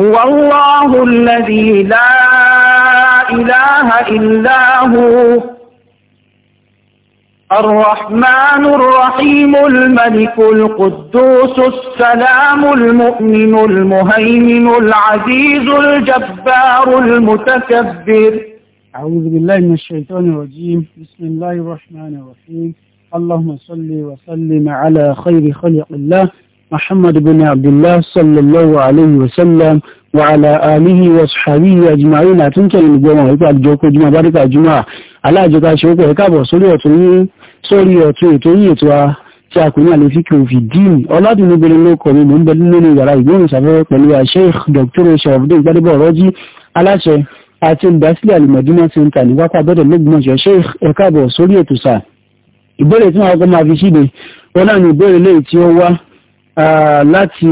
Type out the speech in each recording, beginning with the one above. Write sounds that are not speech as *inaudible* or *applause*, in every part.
هو الله الذي لا إله إلا هو الرحمن الرحيم الملك القدوس السلام المؤمن المهيمن العزيز الجبار المتكبر أعوذ بالله من الشيطان الرجيم بسم الله الرحمن الرحيم اللهم صل وسلم على خير خلق الله محمد بن عبد الله صلى الله عليه وسلم وعلى آله وصحبه أجمعين أتنك الجمعة الجوكو جمعة بارك الجمعة على جوكا شوكو هكابو sórí ọ̀tún sórí ọ̀tún ètò yìí ètò a tí a kò ní àlè fíkì òfin dín ọládùnúbìnrin ló kọ̀ mí mò ń bẹ nínú yàrá ìgbóhùnsáfẹ́fẹ́ pẹ̀lú Sheikh Dr. sharafdin gbadebo ọ̀rọ́jì aláṣẹ àti olùdásílẹ̀ alimọ̀dúnmọ́ center ní wákà bẹ́ẹ̀ lọ́gbọ̀nsẹ̀ Sheikh ẹ̀káàbọ̀ sórí ètò sáà ìbéèrè tí wọn kọ́ máa fi síde wọn náà ní ìbéèrè lẹ́yìn tí ó wá láti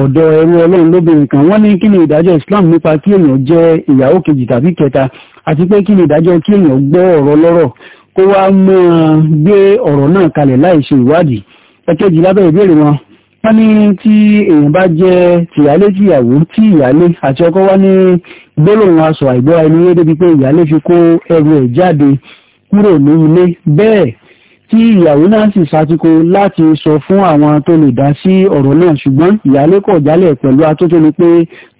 ọ̀dọ̀ ẹrú ọlọ́run lóbìnrin kan wọ́n ní kí ni ìdájọ́ islam nípa kí èèyàn jẹ́ ìyàwó kejì tàbí kẹta àti pé kí ni ìdájọ́ kí èèyàn gbọ́ ọ̀rọ̀ lọ́rọ̀ kó wá máa gbé ọ̀rọ̀ náà kalẹ̀ láì ṣe ìwádìí ẹ̀kejì lábẹ́ ìbéèrè wọn wọ́n ní tí èèyàn bá jẹ́ tìyálé tìyàwó tí ìyálé àti ọkọ wá ní gbólóhùn aṣọ àìgbọ́ra ẹni débi pé ìyálé fi kó ẹrù ẹ̀ jáde kúrò ní ilé bẹ́ẹ̀ tí ìyàwó náà sì ṣàtìkò láti sọ fún àwọn tó lè dá sí ọ̀rọ̀ náà ṣùgbọ́n ìyáálé kọ̀ jálẹ̀ pẹ̀lú atótónu pé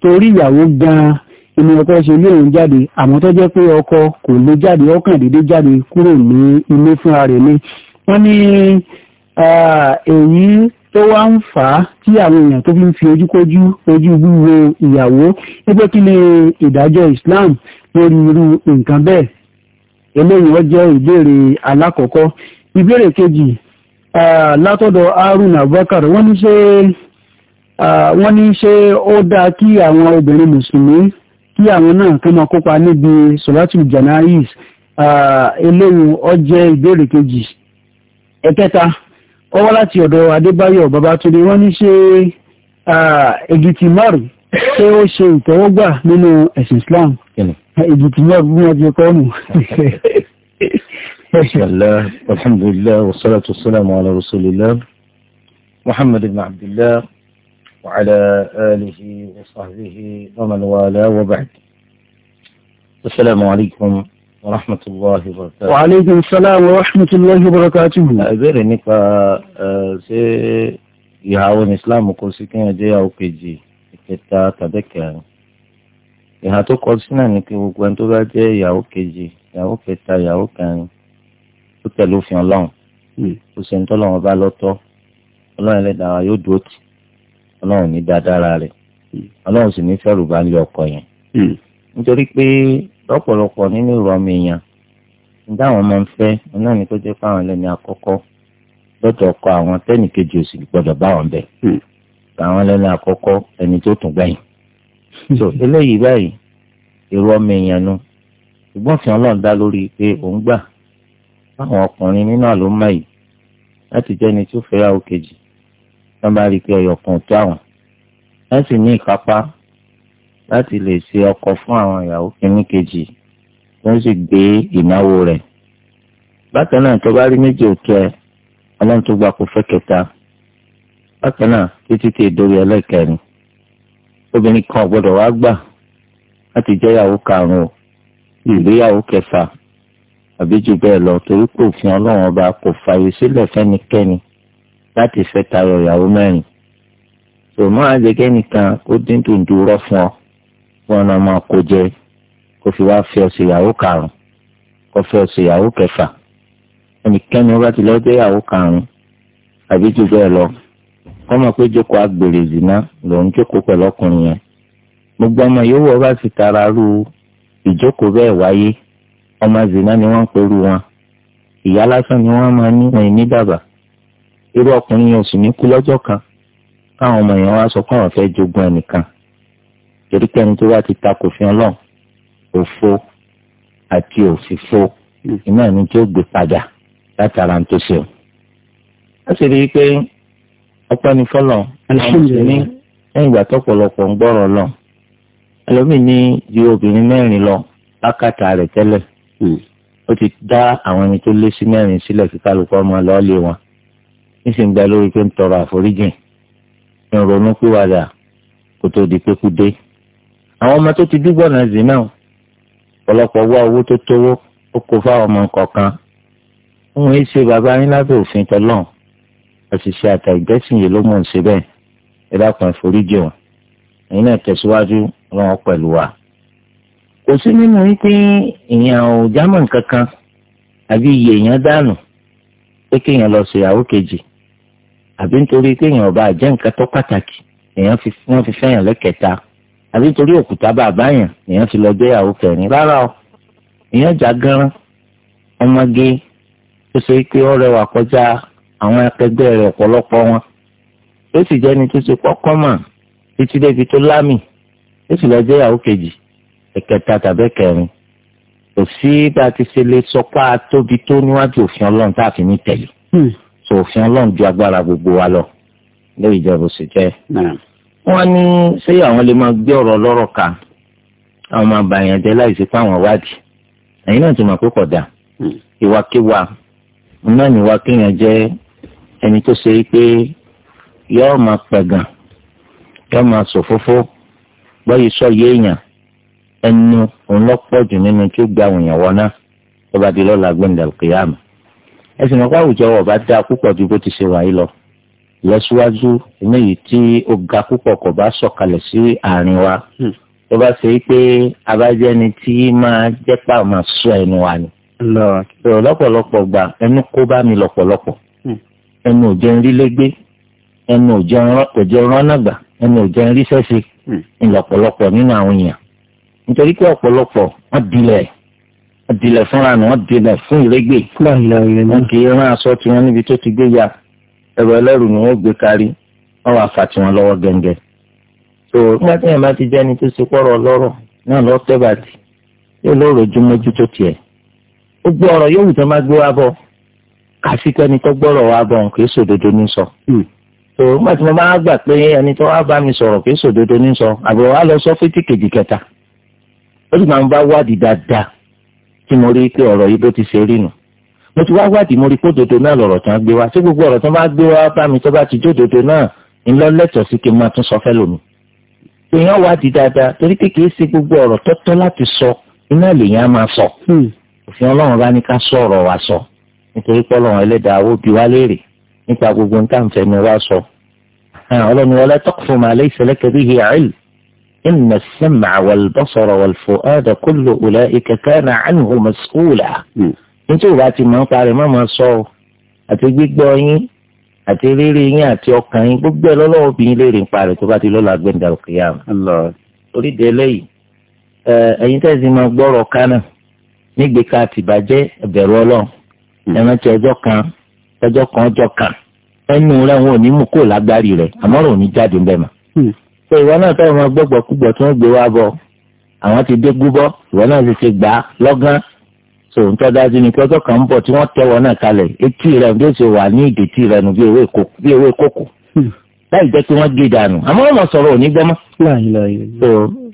torí ìyàwó gan-an inú ọkọ ṣe ilé òun jáde àmọ́ tó jẹ́ pé ọkọ kò lè jáde ọkàn dédé jáde kúrò ní ilé fúnra rẹ̀ ni wọ́n ní èyí tó wá ń fà á tí àwọn èèyàn tó fi ń fi ojúkójú ojú wíwo ìyàwó wípé kí ni ìdájọ́ Islam lórí irú nǹkan bẹ́ẹ̀ eléyìí wọ́n jẹ́ ìbéèrè alákọ̀ọ́kọ́ ìbéèrè kejì látọ̀dọ̀ Harun Abubakar wọ́n ní ṣé wọ́n ní ṣé ó dáa kí àwọn obìnrin mùsùlùmí kí àwọn náà kí wọ́n kópa níbi solatul janais eléyìí ó jẹ́ ìbéèrè kejì ẹ̀kẹta ó láti ọ̀dọ̀ Adébáyọ̀ Babátúndé wọ́n ní ṣé ègìtì márùn ṣé ó ṣe ìtẹ́wọ́gbà nínú ẹ̀sìn Islam ègìtì márùn bí wọ́n ti kọ́ nù. *laughs* بسم الله والحمد لله والصلاة والسلام على رسول الله محمد بن عبد الله وعلى آله وصحبه ومن والاه وبعد السلام عليكم ورحمة الله وبركاته وعليكم السلام ورحمة الله وبركاته أبيري أه، نكا أه، سي يهاون إسلام وكوسي كان يجي أو كيجي كتا تبكى ìhà tó kọ sí náà ni kí gbogbo ẹni tó bá jẹ́ أو كان ó tẹ̀lé òfin ọlọ́run hmm. kò sẹ́ni tó lọ́wọ́ bá lọ́tọ́ ọlọ́run ẹlẹ́dàá wa yóò dúró tì ọlọ́run ní dáadáa rẹ̀ hmm. ọlọ́run sì ní fẹ́rù bá lé ọkọ yẹn hmm. nítorí pé lọ́pọ̀lọpọ̀ nínú ìrọ̀mì èèyàn nígbà àwọn máa ń fẹ́ náà ni tó jẹ́ fáwọn ẹlẹ́ni àkọ́kọ́ lọ́tọ̀ ọkọ àwọn tẹ́nìkejì ò sì gbọ́dọ̀ bá wọn bẹ̀ àwọn ẹlẹ́ni àkọ́kọ́ ẹni tó tún gbẹ̀yìn so eléyìí báyìí ìrọ̀mì èèyàn nu ìgbọ́nfin ọlọ́run dá lórí pé òun gbà fáwọn ọkùnrin nínú àlùmọ́ yìí láti jẹ́ ẹni tó fẹ́yàwó kejì wọ́n bá rí i pé ẹyọ̀kan tó àwọn wọ́n sì ní ìkápá láti lè ṣe ọkọ fún àwọn ìyàwó kìíní kejì wọ́n sì gbé ìnáwó rẹ̀ bákan náà tó bá rí méjì òtún ẹ ọlọ́run tó gbà kó fẹ́ kẹta bákan náà títí tí ìdórí ẹlẹ́kẹrin obìnrin kan ò wá gbà láti jẹ́ ìyàwó karùn-ún ìgbéyàwó kẹfà àbí jù bẹ́ẹ̀ lọ torí pé òfin ọlọ́run ọba kò fààyè sílẹ̀ fẹ́nikẹ́ni láti fẹ́ tayọ ìyàwó mẹ́rin tòmọ́ àjẹgẹ́ nìkan ó dín dùndú rọ́ fún ọ fún ọ̀nà ọmọ kò jẹ kó fi wá fẹ́ ọ̀sẹ̀ ìyàwó karùn-ún kó fẹ́ ọ̀sẹ̀ ìyàwó kẹfà ẹnikẹ́ni ọba ti lọ́jọ́ ìyàwó karùn àbí jù bẹ́ẹ̀ lọ kọ́ mọ̀ pé jókòó agbèrè zìnà lòún jókòó pẹ̀lú ọkùnrin yẹn gbogbo ọmọ yòówù ọba ti tara rú ìjókòó bẹ́ẹ̀ wáyé ọmọ zina ni wọ́n ń pẹ̀lú wọn ìyá lásán ni wọ́n máa ní wọ̀nyí ní bàbá irú ọkùnrin yẹn ò sì ní kú lọ́jọ́ kan káwọn ọmọ yẹn wá sọ pé àwọn fẹ́ jogún ẹnìkan torí pé ẹni tó wá ti ta kò fi ọlọ́run òfo àti òfìfo iná ẹni tí ó gbé padà látara ń tó ṣe o. wọ́n sì rí i pé ọpẹ́ ni fọ́lọ̀ ẹni ní ẹ̀yìn ìgbà tọ́pọ̀lọpọ̀ ń gbọ́rọ̀ lọ ẹlòmíì ní ju obìnrin mẹ́rin lọ lákàtà rẹ̀ tẹ́lẹ̀ Hmm. ó ti dá àwọn ẹni tó lé sí mẹ́rin sílẹ̀ kí kálukú ọmọ lọ́ọ́lé wọn nísìnyí gba lórí pé ń tọrọ àforíjìn ń ronú pìwàdà kó tó di pé kú dé àwọn ọmọ tó ti dúgbò náà zì náà ọ̀pọ̀lọpọ̀ wá owó tó tówó ó kó fáwọn ọmọ kọ̀ọ̀kan òun yìí ṣe bàbá yín lábẹ́ òfin tọ́lọ́n àṣìṣe àtàgbẹ́sìn yìí ló mọ̀ ń ṣe bẹ́ẹ̀ ẹ dákun àforíjìn wọn ẹ̀yin náà tẹ̀síwájú wọn pẹ̀lú wa kò sí nínú wípé èèyàn ò jámọ̀ kankan àbí iye èèyàn dànù pé kéèyàn lọ ṣèyàwó kejì àbí nítorí kéèyàn ọba àjẹ́ nǹkan tó pàtàkì èèyàn fi wọ́n fi fẹ́yàn lẹ́kẹta àbí nítorí òkúta bàbá yàn èèyàn fi lọ gbéyàwó kẹrin rárá o èèyàn jà gan ọmọge tó ṣe pé ó rẹwà kọjá àwọn akẹgbẹ́ rẹ̀ ọ̀pọ̀lọpọ̀ wọn ó sì jẹ́ni tó ṣe pọ́kọ́ mọ̀ títí débi tó lámì ó sì lọ gbéyàwó kejì ẹ̀kẹta tàbí kẹrin kò sí bá a ti ṣe lè sọpá tóbi tó níwájú òfin ọlọ́run tá a fi ní tẹ̀lé hmm. so òfin ọlọ́run ju agbára gbogbo wa lọ lórí ìjọba òsè jẹ́ wọ́n ní ṣé àwọn lè máa gbé ọ̀rọ̀ lọ́rọ̀ ka àwọn máa bà yẹn jẹ́ láì sí pé àwọn wádìí ẹ̀yin náà ti mọ̀ pé kódà hmm. ìwàkiwà náà ni ìwàkíyàn jẹ́ ẹni tó ṣe pé yọ́ọ́ máa pẹ̀gàn yọ́ọ́ máa sòfófó gbọ́ yìí sọ yéèyàn ẹnu òun lọ pọ̀ jù nínú tí ó gba àwọn èèyàn wọná tó bá di lọ́la gbẹ̀ndẹ̀ kìyàmù ẹ sì mọ̀ pé àwùjọ ọba dá púpọ̀ ju bó ti ṣe wáyé lọ lọ́síwájú eléyìí tí ó ga púpọ̀ kò bá sọ̀kalẹ̀ sí àárín wa hmm. tó bá ṣe pé abájẹ́ni tí máa jẹ́ pà máa sọ ẹnu wa ni lọ́pọ̀lọpọ̀ gbà ẹnu kó bá mi lọ́pọ̀lọpọ̀ hmm. ẹnu ò jẹun rí ẹnu ò jẹun rán náà ẹnu ò jẹun rí sẹ́sẹ́ hmm. nínú àwọn èèyàn nítorí pé ọ̀pọ̀lọpọ̀ wọ́n dilẹ̀ wọ́n dilẹ̀ fúnra nù wọ́n dilẹ̀ fún ìrẹ́gbẹ̀ wọ́n kì í rán aṣọ tí wọ́n níbi tó ti gbé ya ẹ̀rọ ẹlẹ́rù ni wọ́n gbé kárí wọ́n wàá fà tiwọn lọ́wọ́ gẹ́ngẹ́ tó nígbà tí yẹn bá ti jẹ́ni tó ṣe pọ̀rọ̀ lọ́rọ̀ náà lọ́ tẹ́ bàtì yóò lóòrò ju mójú tó tiẹ̀ gbogbo ọ̀rọ̀ yóò wù tó má gbé wá bọ̀ kàfi kẹ́ni tó gbọ́rọ̀ wá hmm. gbà pé ẹni tó wá bá mi sọ̀rọ̀ kì í sòdodo ní sọ àbúrò wa lọ sọ fún tí kẹta ó sì máa ń bá wádìí dáadáa tí mo rí pé ọ̀rọ̀ yìí bó ti ṣe rí nù mo ti wá wádìí mo rí pé òdodo náà lọ̀rọ̀ tán gbé wá sí gbogbo ọ̀rọ̀ tán bá gbé wá bá mi tó bá ti jó òdodo náà ń lọ lẹ́tọ̀ọ́ sí kí n máa tún sọ fẹ́ lómi èèyàn wádìí dáadáa torí pé kìí ṣe gbogbo ọ̀rọ̀ tọ́tọ́ láti sọ iná lèèyàn máa sọ hmm. òfin ọlọ́run bá ní ká sọ ọ̀rọ̀ wa sọ nítorí pé ọlọ́run ẹlẹ́dàá ó bi wá léèrè nípa إن السمع والبصر والفؤاد كل أولئك كان عنه مسؤولا nítorí bá ti máa ń parí má máa sọ ọ àti gbígbọ́ yín àti rírí yín àti ọkàn yín gbogbo ẹ lọ́lọ́wọ́ bí yín léèrè ń parí tó bá ti lọ́la gbẹ̀ǹdà òkè yá mi. torí de eléyìí ẹ̀yin tẹ́sí máa gbọ́rọ̀ kánà nígbèka àtìbàjẹ́ ẹ̀bẹ̀rù ọlọ́run ẹ̀ràn ti ọjọ́ kan ọjọ́ kan ọjọ́ kan ẹnu rẹ̀ wọn ò ní mú kó lágbárí rẹ̀ àmọ́ rẹ̀ ò ní jáde ń bẹ̀ mọ́ pé ìwọ náà táwọn máa gbọ́gbọ́ kúgbọ̀ tí wọ́n gbé wá bọ̀ àwọn ti dé gbúbọ́ ìwọ náà ti ti gbà á lọ́gán ń tọ́ dájú ni pé ọjọ́ kan ń bọ̀ tí wọ́n tẹ́wọ́ náà kalẹ̀ etí rẹ̀ bí ó ṣe wà ní ìdètí rẹ̀ nù bí ewé kòkó hmm. láì jẹ́ pé wọ́n gé dànù àmọ́ wọn sọ̀rọ̀ òní gbọ́mọ́. so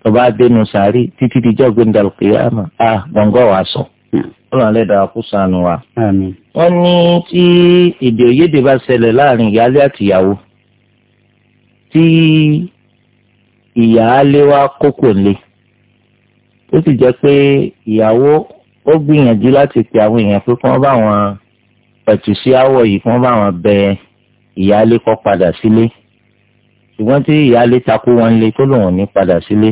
ọba adẹnu sàárì títí dijọ́ gbẹndàlùkì àmà à gbọ̀ngàn wà sọ. ọlọ́run lẹ́dàá kó sànù wa. wọ́n ní tí èdè òyédè bá ṣẹlẹ̀ láàrin ìyáálé àtìyàwó tí ìyáálé wa kókò lé ó sì jẹ́ pé ìyàwó ó gbìyànjú láti pe àwọn èèyàn pé kí wọ́n bá wọn pẹ̀tù sí àwọ̀ yìí kí wọ́n bá wọn bẹ ìyáálé kó padà sílé ṣùgbọ́n tí ìyáálé takú wọn lé tó lòun ò ní padà sílé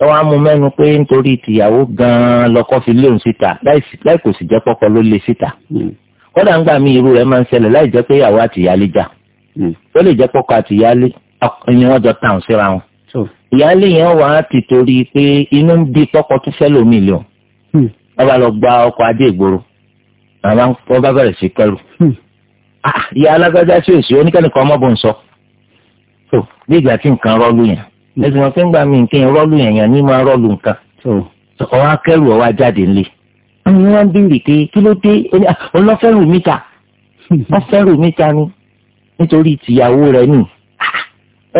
ẹ wá mú mẹ́nu pé nítorí tìyàwó gan-an fi léun síta láì kò sì jẹ́ pọ́kọ ló lé síta hmm. kódà ń mí irú rẹ̀ máa ń ṣẹlẹ̀ láì jẹ́ pé ìyàwó àtìyáálé jà hmm. ó lè jẹ́ pọ́kọ àtìyáálé ni wọ́n jọ tàn síra wọn ìyáálé yẹn wà á ti torí pé inú ń bí pọ́pọ́ tó fẹ́ lómi lò hmm. wọ́n bá lọ gba ọkọ̀ adé ìgboro màmá wọ́n bá bẹ̀rẹ̀ sí kẹrù hmm. ah, ìyá alágbájá sí òsì oníkẹ́nìkan ọmọbùn ń sọ tó bí ìgbà tí nǹkan rọ́ọ̀lù yẹn hmm. ẹ̀sìn wọn fi ń gbà mí nǹkan rọ́ọ̀lù yẹn yẹn ní máa rọ́ọ̀lù nǹkan ọwọ́ akẹ́rù ọwọ́ ajáde ńlẹ̀ àwọn wọn bèrè pé kí ló dé ah, ọlọ́fẹ́rù mítà ọfẹ́rù mítà ni nítorí tìyàwó rẹ nìyí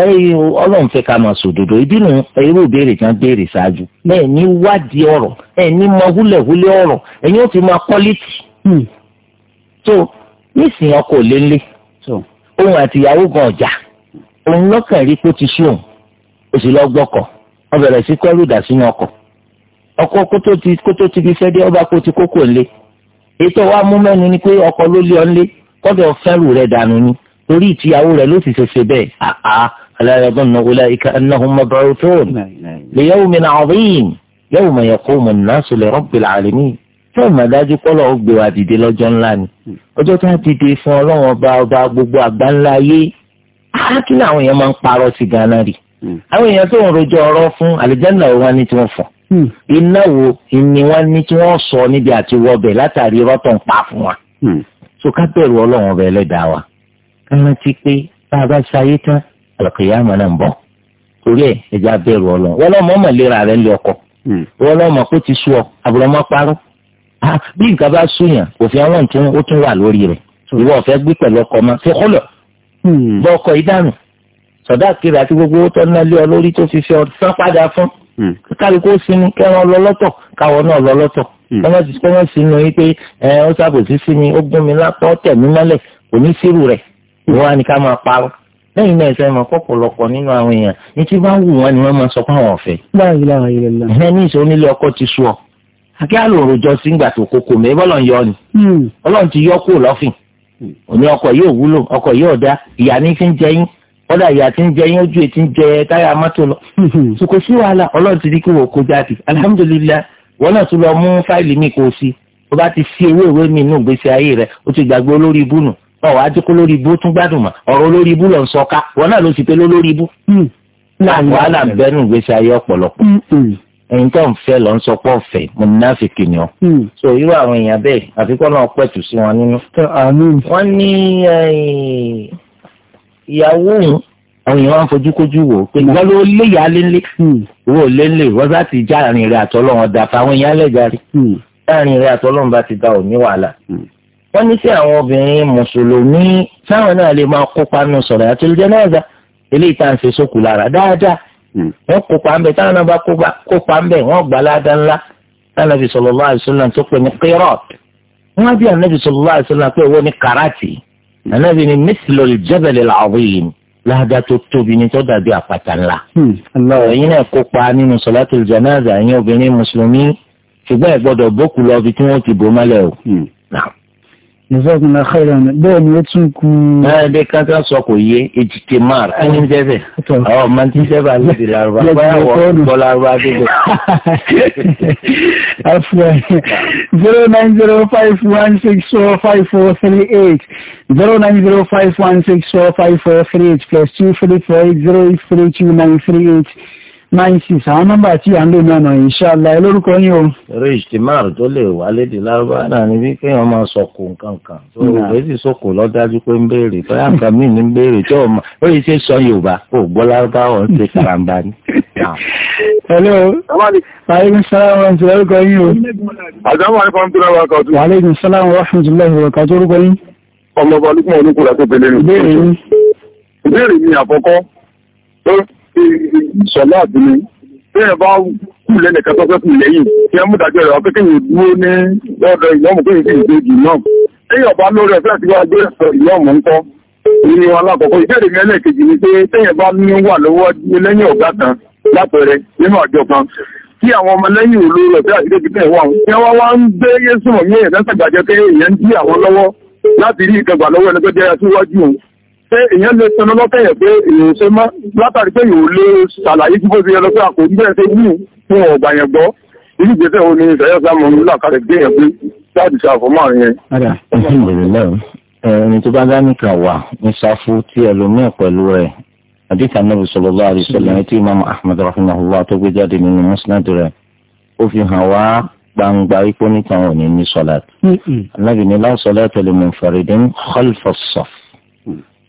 ẹyìn ọlọ́run fẹ́ ká máa sòdodo ìbínú irú ìbéèrè kan béèrè ṣáájú bẹ́ẹ̀ ní wádìí ọ̀rọ̀ ẹ̀ ní mọ húlẹ̀húlẹ̀ ọ̀rọ̀ ẹ̀yin ó fi máa kọ́lítì. tó nísìnyí ọkọ̀ lélẹ̀ òun àti ìyàwó gan ọjà òun lọ́kàn rí pé ó ti ṣóun ó lọ gbọ́kọ̀ ó bẹ̀rẹ̀ sí kẹ́rù dà sínú ọkọ̀ ọkọ̀ kótó ti fi fẹ́ dé ọba kó ti kókò ńlé ètò wa mú mẹ́nu ni pé ọkọ̀ ló lé ọ ńlé kọ́dọ̀ fẹ́rù rẹ̀ dànù ni torí ìtìyàwó rẹ̀ ló sì ṣe ṣe àá ألا يظن أولئك أنهم مبعوثون ليوم عظيم يوم يقوم الناس لرب العالمين fẹ́ẹ̀mọ̀ dájú kọ́lọ̀ ó gbé wa dìde lọ́jọ́ ńlá ni ọjọ́ tá a ti dé fún ọlọ́run ọba ọba gbogbo àgbá ńlá yé kí ni àwọn èèyàn máa ń parọ́ sí ganan rí àwọn èèyàn tó ń rojọ́ ọ̀rọ̀ fún àlìjáná wo wọ́n tí wọ́n fọ̀ iná wo ni wọ́n ní tí wọ́n sọ níbi àti wọ́bẹ̀ látàrí rọ́tọ̀ ń pa fún wa. so ká bẹ̀rù ọlọ́run ọba ẹlẹ́dàá wa ká rántí pé bá a bá ṣayé àlùkìyàmà náà ń bọ̀ torí ẹ̀ ẹ̀jẹ̀ abẹ́rù ọlọ́run wọ́n lọ́mọ mọ̀lẹ́ra rẹ̀ lé ọkọ̀ hmm. wọ́n lọ́mọ kó ti sú ọ àbúrọ̀mọ́ parọ́ ah, bí nǹkan bá súyàn òfin àwọn tún ó tún wà lórí rẹ̀ hmm. ìwọ ọ̀fẹ́ gbé pẹ̀lú ọkọ̀ mọ́ fi kọ́lọ̀ hmm. bọ́ ọkọ̀ ìdánù sọ̀dá kiri àti gbogbo owó tó ń lé ọ lórí tó fi fi ọ̀sán padà fún kálukó sinmi kẹrin ọlọ́lọ́tọ̀ káwọn náà lọ́lọ́tọ̀ kọ́mọ́ ti kọ́mọ́ sinmi wípé ẹ ó sábòsí sí mi ó gún mi lápá ó tẹ̀ mí kò ní sírù rẹ̀ ìwọ́n á ní ká máa parọ́ lẹ́yìn náà ìfẹ́ máa kọ́pọ̀lọpọ̀ nínú àwọn èèyàn ní tí bá wù wọ́n ni wọ́n máa sọ fún àwọn ọ̀fẹ́. ìhẹ́ ní ìṣe onílé ọkọ ti sú ọ. akẹ́ àlòrò jọ sí ìgbà tó kókò mẹ́ bọ́lọ̀ ń yọ ni. Hmm. ọlọ́run ti yọ kúrò lọ́fìn. òní ọkọ̀ yóò wúlò ọkọ̀ yóò dá ìyá ní fi ń jẹ yín kọ́dà ìyá tí ń jẹ yín ojú ètí ń jẹ táyà mọ́tò lọ. Hmm. sòkò sí wàhálà ọlọ́run ti ní kí wò kó jáde alihamudulilayi wọn náà tún lọ mú fáìlì mi kò sí o bá ti sí ewé ìwé mi nù gbèsè ayé rẹ o ti gbàgbé olórí ibùnú ọwọ́ adékó lórí ibú tún gbádùn mọ́ ọ̀rọ̀ lórí ibú lọ sọ ká wọn náà ló ti pé lórí ibú. Hmm. láàánú wàhálà ń bẹ́nu ìgbésí ayé ọ̀pọ̀lọpọ̀ hmm, hmm. ẹ̀yin tó ń fẹ́ lọ ń sọ pé ọ̀fẹ́ mo ní láti kìnìún so irú àwọn èèyàn bẹ́ẹ̀ àfikún náà pẹ̀tù sí wọn nínú. wọ́n ní ìyàwó òun àwọn èèyàn máa ń fojúkojú wò pé wọ́n ló lé ìyá lélẹ̀ wò lélẹ̀ wọ́n bá ti já àárín rẹ̀ àtọ́lọ́wọ́n dà fáwọn èèyàn lẹ́jà láàrin rẹ̀ àtọ́lọ́wọ́n bá ti da òní wàhálà wọ́n ní sí àwọn obìnrin mùsùlùmí táwọn náà lè máa kópa nù solatul janaza eléyìí tá à ń ṣe sókù lára dáadáa hmm. wọ́n kópa ń bẹ̀ táwọn náà bá kópa ń bẹ̀ wọ́n gbà ládá ńlá Ànábì sallallahu alaihi wasallam tó pè ní qirad wọ́n bí Ànábì sallallahu alaihi wasallam pé wọ́n ní karate Ànábì ní mithlul jabal al-azim tó tóbi ní tó dàbí àpáta ńlá. Hmm. ẹ̀yin náà kópa nínú sọ̀látù janaza ẹ̀yin obìnrin mùsùlùmí ṣùgbọ́n ẹ bókù lọ ibi tí wọ́n ti bò mọ́lẹ̀ o. Hmm ìzọ́gun àkàrà bẹ́ẹ̀ ni ó tún kú. ẹ̀ẹ́dẹ́ kátà sọ kò yé ètìtì mar ẹni ń tẹ́fẹ̀ ọ̀ máa ń tí sẹ́fà lóde làrúbá báyàwó bọ́ làrúbá débẹ̀. *laughs* afuwa zero nine zero five one six four five four three eight zero nine zero five one six four five four three eight plus two three four eight zero eight three two nine three eight nine six àwọn nọ́mbà tí à ń lò náà náà ìṣàlá ẹ lórúkọ yín o. eré ìṣtìmáàrù tó lè wá lédè lárúbáwá náà níbi kéèyàn máa sọkò nǹkan kan tó rògbé sì sọkò lọ́dájú pé ń béèrè tọ́yà nǹkan míì ní ń béèrè tó o mọ̀ ó lè ṣe sọ yorùbá kó o gbọ́ lárúbáwá ń ṣe karambà ni. hello aleykum salaam wa rahmatulah orúkọ yín o. àjàmọ́ àyíkọ́ ń tura wa kọ́tù. aleykum salaam wa rahmatulah orúkọ orúkọ yín. ọmọ ọba olúkúmọ̀ olúkúlà tó sọlá àbí bẹ́ẹ̀ bá kú lẹ́nu ẹ̀ka tó fẹ́ kú lẹ́yìn kí ẹ mú dájọ́ rẹ̀ wọ́n kékeré dúró ní lọ́dọ̀ ìyọ́mù pé ìdí náà ẹ̀yìn ọ̀bá lórí ẹ̀ fẹ́ẹ́ ti wá gbé ìyọ́mù ńkọ́ ìní wọn alákọ̀ọ́kọ́ ìbéèrè mi ẹlẹ́ẹ̀kejì ni pé téèyàn bá ní wà lọ́wọ́ lẹ́yìn ọ̀gá kan lápẹẹrẹ nínú àjọ kí àwọn pé èèyàn lè tẹnu lọ́tẹ̀ yẹ̀ pé èèyàn ṣe mọ́ látàrí pé yòó lè ṣàlàyé tí bó ti yẹ lọ pé àkó bẹ́ẹ̀ ṣe wù fún ọ̀gbà yẹn gbọ́ irú ìgbésẹ̀ wo ni ìṣẹ́yọ́ sámọ̀ ní làkàrẹ̀ gbé yẹn pé láti ṣe àfọ́mọ́ àrùn yẹn. ẹni tó bá dá wà ní sáfù tí ẹlòmíì pẹ̀lú rẹ̀ àdìsá nàbì sallallahu alaihi wasallam tí imam ahmed rahimahullah tó gbé jáde nínú ní ní sọlá. alábìnrin láwùsọlá tẹlẹmọ fàrídìn khalfa as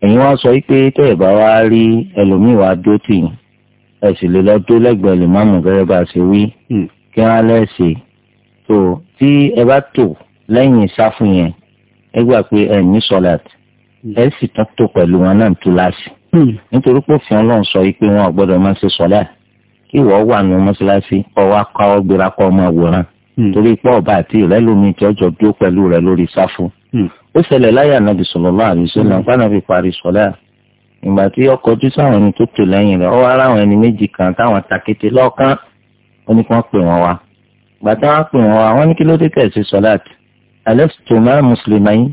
ẹ̀yin wá sọ pé tẹ́ ẹ̀ bá wá rí ẹlòmíì wá dó tì yín ẹ̀ sì lè lọ dó lẹ́gbẹ̀ẹ́ lèmọ́mù gẹ́gẹ́ bá a ṣe wí hmm. kí wọ́n lẹ́sẹ̀ tó tí ẹ bá tò lẹ́yìn sáfù yẹn ẹ gbà pé ẹ̀ ní sọ̀làtì hmm. ẹ sì tún tó pẹ̀lú wọn náà tó láàsì. Hmm. nítorí pé òfin ọlọ́run sọ yìí pé wọn ò gbọ́dọ̀ máa ṣe sọ́lá kí ìwọ wà nù mọ́ṣáláṣí kọ́ wa káwọ́ gbéra kọ́ ọmọ àwòrán. torí pé ọba àti ìrẹ́ tí ọjọ́ dúró pẹ̀lú rẹ lórí sáfù ó ṣẹlẹ̀ láyé ànábì sallallahu alaihi wasallam pànàbí hmm. parí sọ̀lá ìgbà tí ọkọ̀ ojú sáwọn ẹni tó tò lẹ́yìn rẹ̀ ó wá ráwọn ẹni méjì kan táwọn takété lọ́ọ̀kan ó ní kí wọ́n pè wọ́n wá ìgbà tí wọ́n pè wọ́n wá wọ́n ní kí ló dé kẹ̀sì sọ̀láàtì alẹ́sìtò máa mùsùlùmí ayé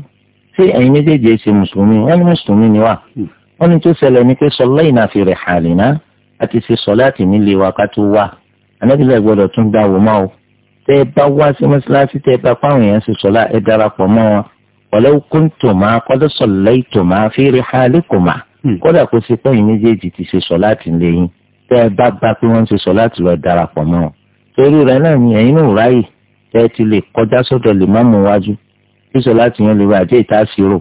ṣé ẹ̀yin méjèèjì ẹ̀ ṣe mùsùlùmí wọ́n ní mùsùlùmí ni wà hmm. wọ́n ní tó ṣẹlẹ̀ ni pé sallayna fi rihalina àti ṣe sọ̀láàtì ṣe sọ̀lá ẹ darapọ̀ walau kuntuma qad sallaytuma fi rihalikuma hmm. kódà kó ṣe pẹ́yìn méjèèjì ti ṣe sọ láti lẹ́yìn tẹ́ ẹ bá bá pé wọ́n ń ṣe sọ láti lọ darapọ̀ mọ́ ọ. torí rẹ náà ni ẹ̀yin náà ráàyè tẹ́ ẹ ti lè kọjá sọ́dọ̀ lè má mú wájú kí sọ láti yan lè bàjẹ́ ìta ṣírò.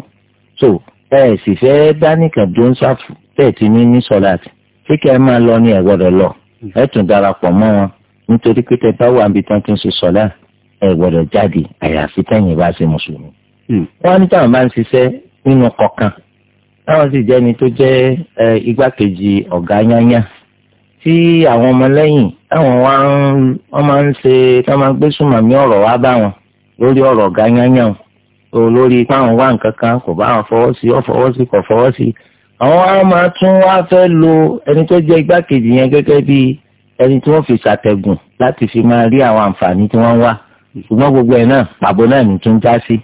so tẹ́ ẹ sì fẹ́ dánìkan tó ń ṣàfù tẹ́ ẹ ti ní ní sọ láti ṣé kí ẹ máa lọ ní ẹ lọ hmm. ẹ tún darapọ̀ mọ́ wọn nítorí pé tẹ́ bá wà níbi tán ti ń ṣe sọ láti ẹ jáde àyàfi tẹ́yìn bá ṣe mùsùlùmí. Hmm. wọ́n ní táwọn bá ń ṣiṣẹ́ nínú kọ̀ọ̀kan táwọn sì jẹ́ ẹni tó jẹ́ igbákejì ọ̀gá yányá tí àwọn ọmọlẹ́yìn táwọn wá ń wọ́n máa ń ṣe táwọn máa ń gbé sùmàmí ọ̀rọ̀ wá bá wọn lórí ọ̀rọ̀ ọ̀gá yányá o lórí táwọn wá nǹkan kan kò bá wọn fọwọ́ sí ọ fọwọ́ sí kò fọwọ́ sí àwọn wá máa tún wá fẹ́ lo ẹni tó jẹ́ igbákejì yẹn gẹ́gẹ́ bí ẹni tí wọ́n fi ṣàtẹ̀gùn láti fi máa rí àwọn àǹfààní tí wọ́n wá ṣùgbọ́n gbogbo ẹ̀ náà pàbó náà ní tún já sí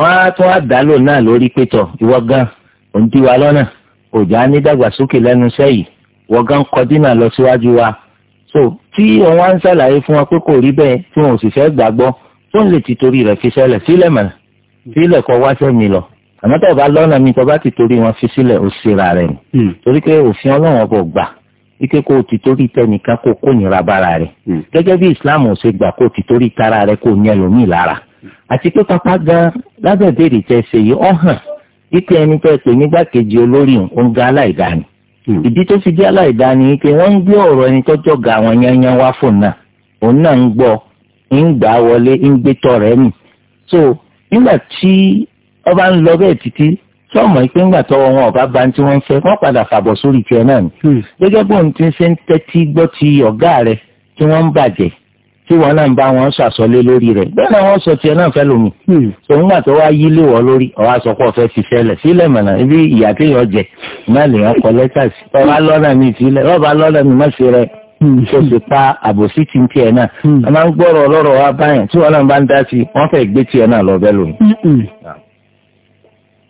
wọ́n á tún àdálò náà lórí pétọ̀ ìwọ gan òun ti wà lọ́nà òjò á ní dàgbàsókè lẹ́nu iṣẹ́ yìí ìwọ gan kọ dínà lọ síwájú wa so tí òun wá ń ṣàlàyé fún wa pé kò rí bẹ́ẹ̀ tí wọn ò sì fẹ́ gbàgbọ́ tó ń lè ti torí rẹ̀ fi ṣẹlẹ̀ sílẹ̀ mọ̀ sílẹ̀ kọ wá sẹ́mi lọ àmọ́ tó bá lọ́nà mi tó bá ti torí wọn fi sílẹ̀ ó ṣera rẹ̀ ni hmm. torí pé òfin ọlọ́run ọbọ̀ gbà ike kó o ti torí tẹnìkan kó o kó nira bára rẹ̀ hmm. gẹ́gẹ́ bí Islam ò ṣe gbà kó ti torí tara rẹ̀ kó ní ẹlòmíì lára àti pé pápá gan lábẹ́ ìbéèrè tẹ ṣe yìí ọ hàn wípé ẹni tẹ pé nígbàkejì olórí òun ga aláìdáni hmm. ìdí tó fi jẹ́ aláìdáni ni pé wọ́n ń gbé ọ̀rọ̀ ẹni tọ́jọ́ ga àwọn yanyan wá fún náà òun náà ń gbọ́ ń gbà wọlé ń gbé tọrẹ nì so nígbà tí ọba ń lọ bẹ́ẹ̀ títí sọmọ ìpín ńgbà tọ́wọ́ wọn ọba bá tí wọ́n fẹ wọn padà fàbọ sórí tiẹ̀ náà ni hmm. gẹ́gẹ́ bóun ti ń ṣe ń tẹ́tí gbọ́ ti ọ̀gá rẹ̀ tí wọ́n ń bàjẹ́ tí wọn náà ń bá wọn sọ àsọlé lórí rẹ̀ bẹ́ẹ̀ náà wọ́n sọ tiẹ̀ náà fẹ́ lómi tòun hmm. gbà tó wá yí lé wọ́ lórí ọ̀rọ̀ àsọpọ̀ fẹ́ ti fẹ́lẹ̀ sílẹ̀ mọ̀nà ibi ìyá téèyàn jẹ náà lèèyàn kọ lẹ́tà sí ọba lọ́nà mi sílẹ̀ ọba lọ́nà mi má ṣe rẹ̀ tó hmm. pa àbòsí ti ń tiẹ̀ náà hmm. a máa ń gbọ́rọ̀ ọlọ́rọ̀ wa báyẹn tí wọn náà bá ń dá sí wọ́n fẹ́ gbé tiẹ̀ náà lọ bẹ́ẹ̀ lómi.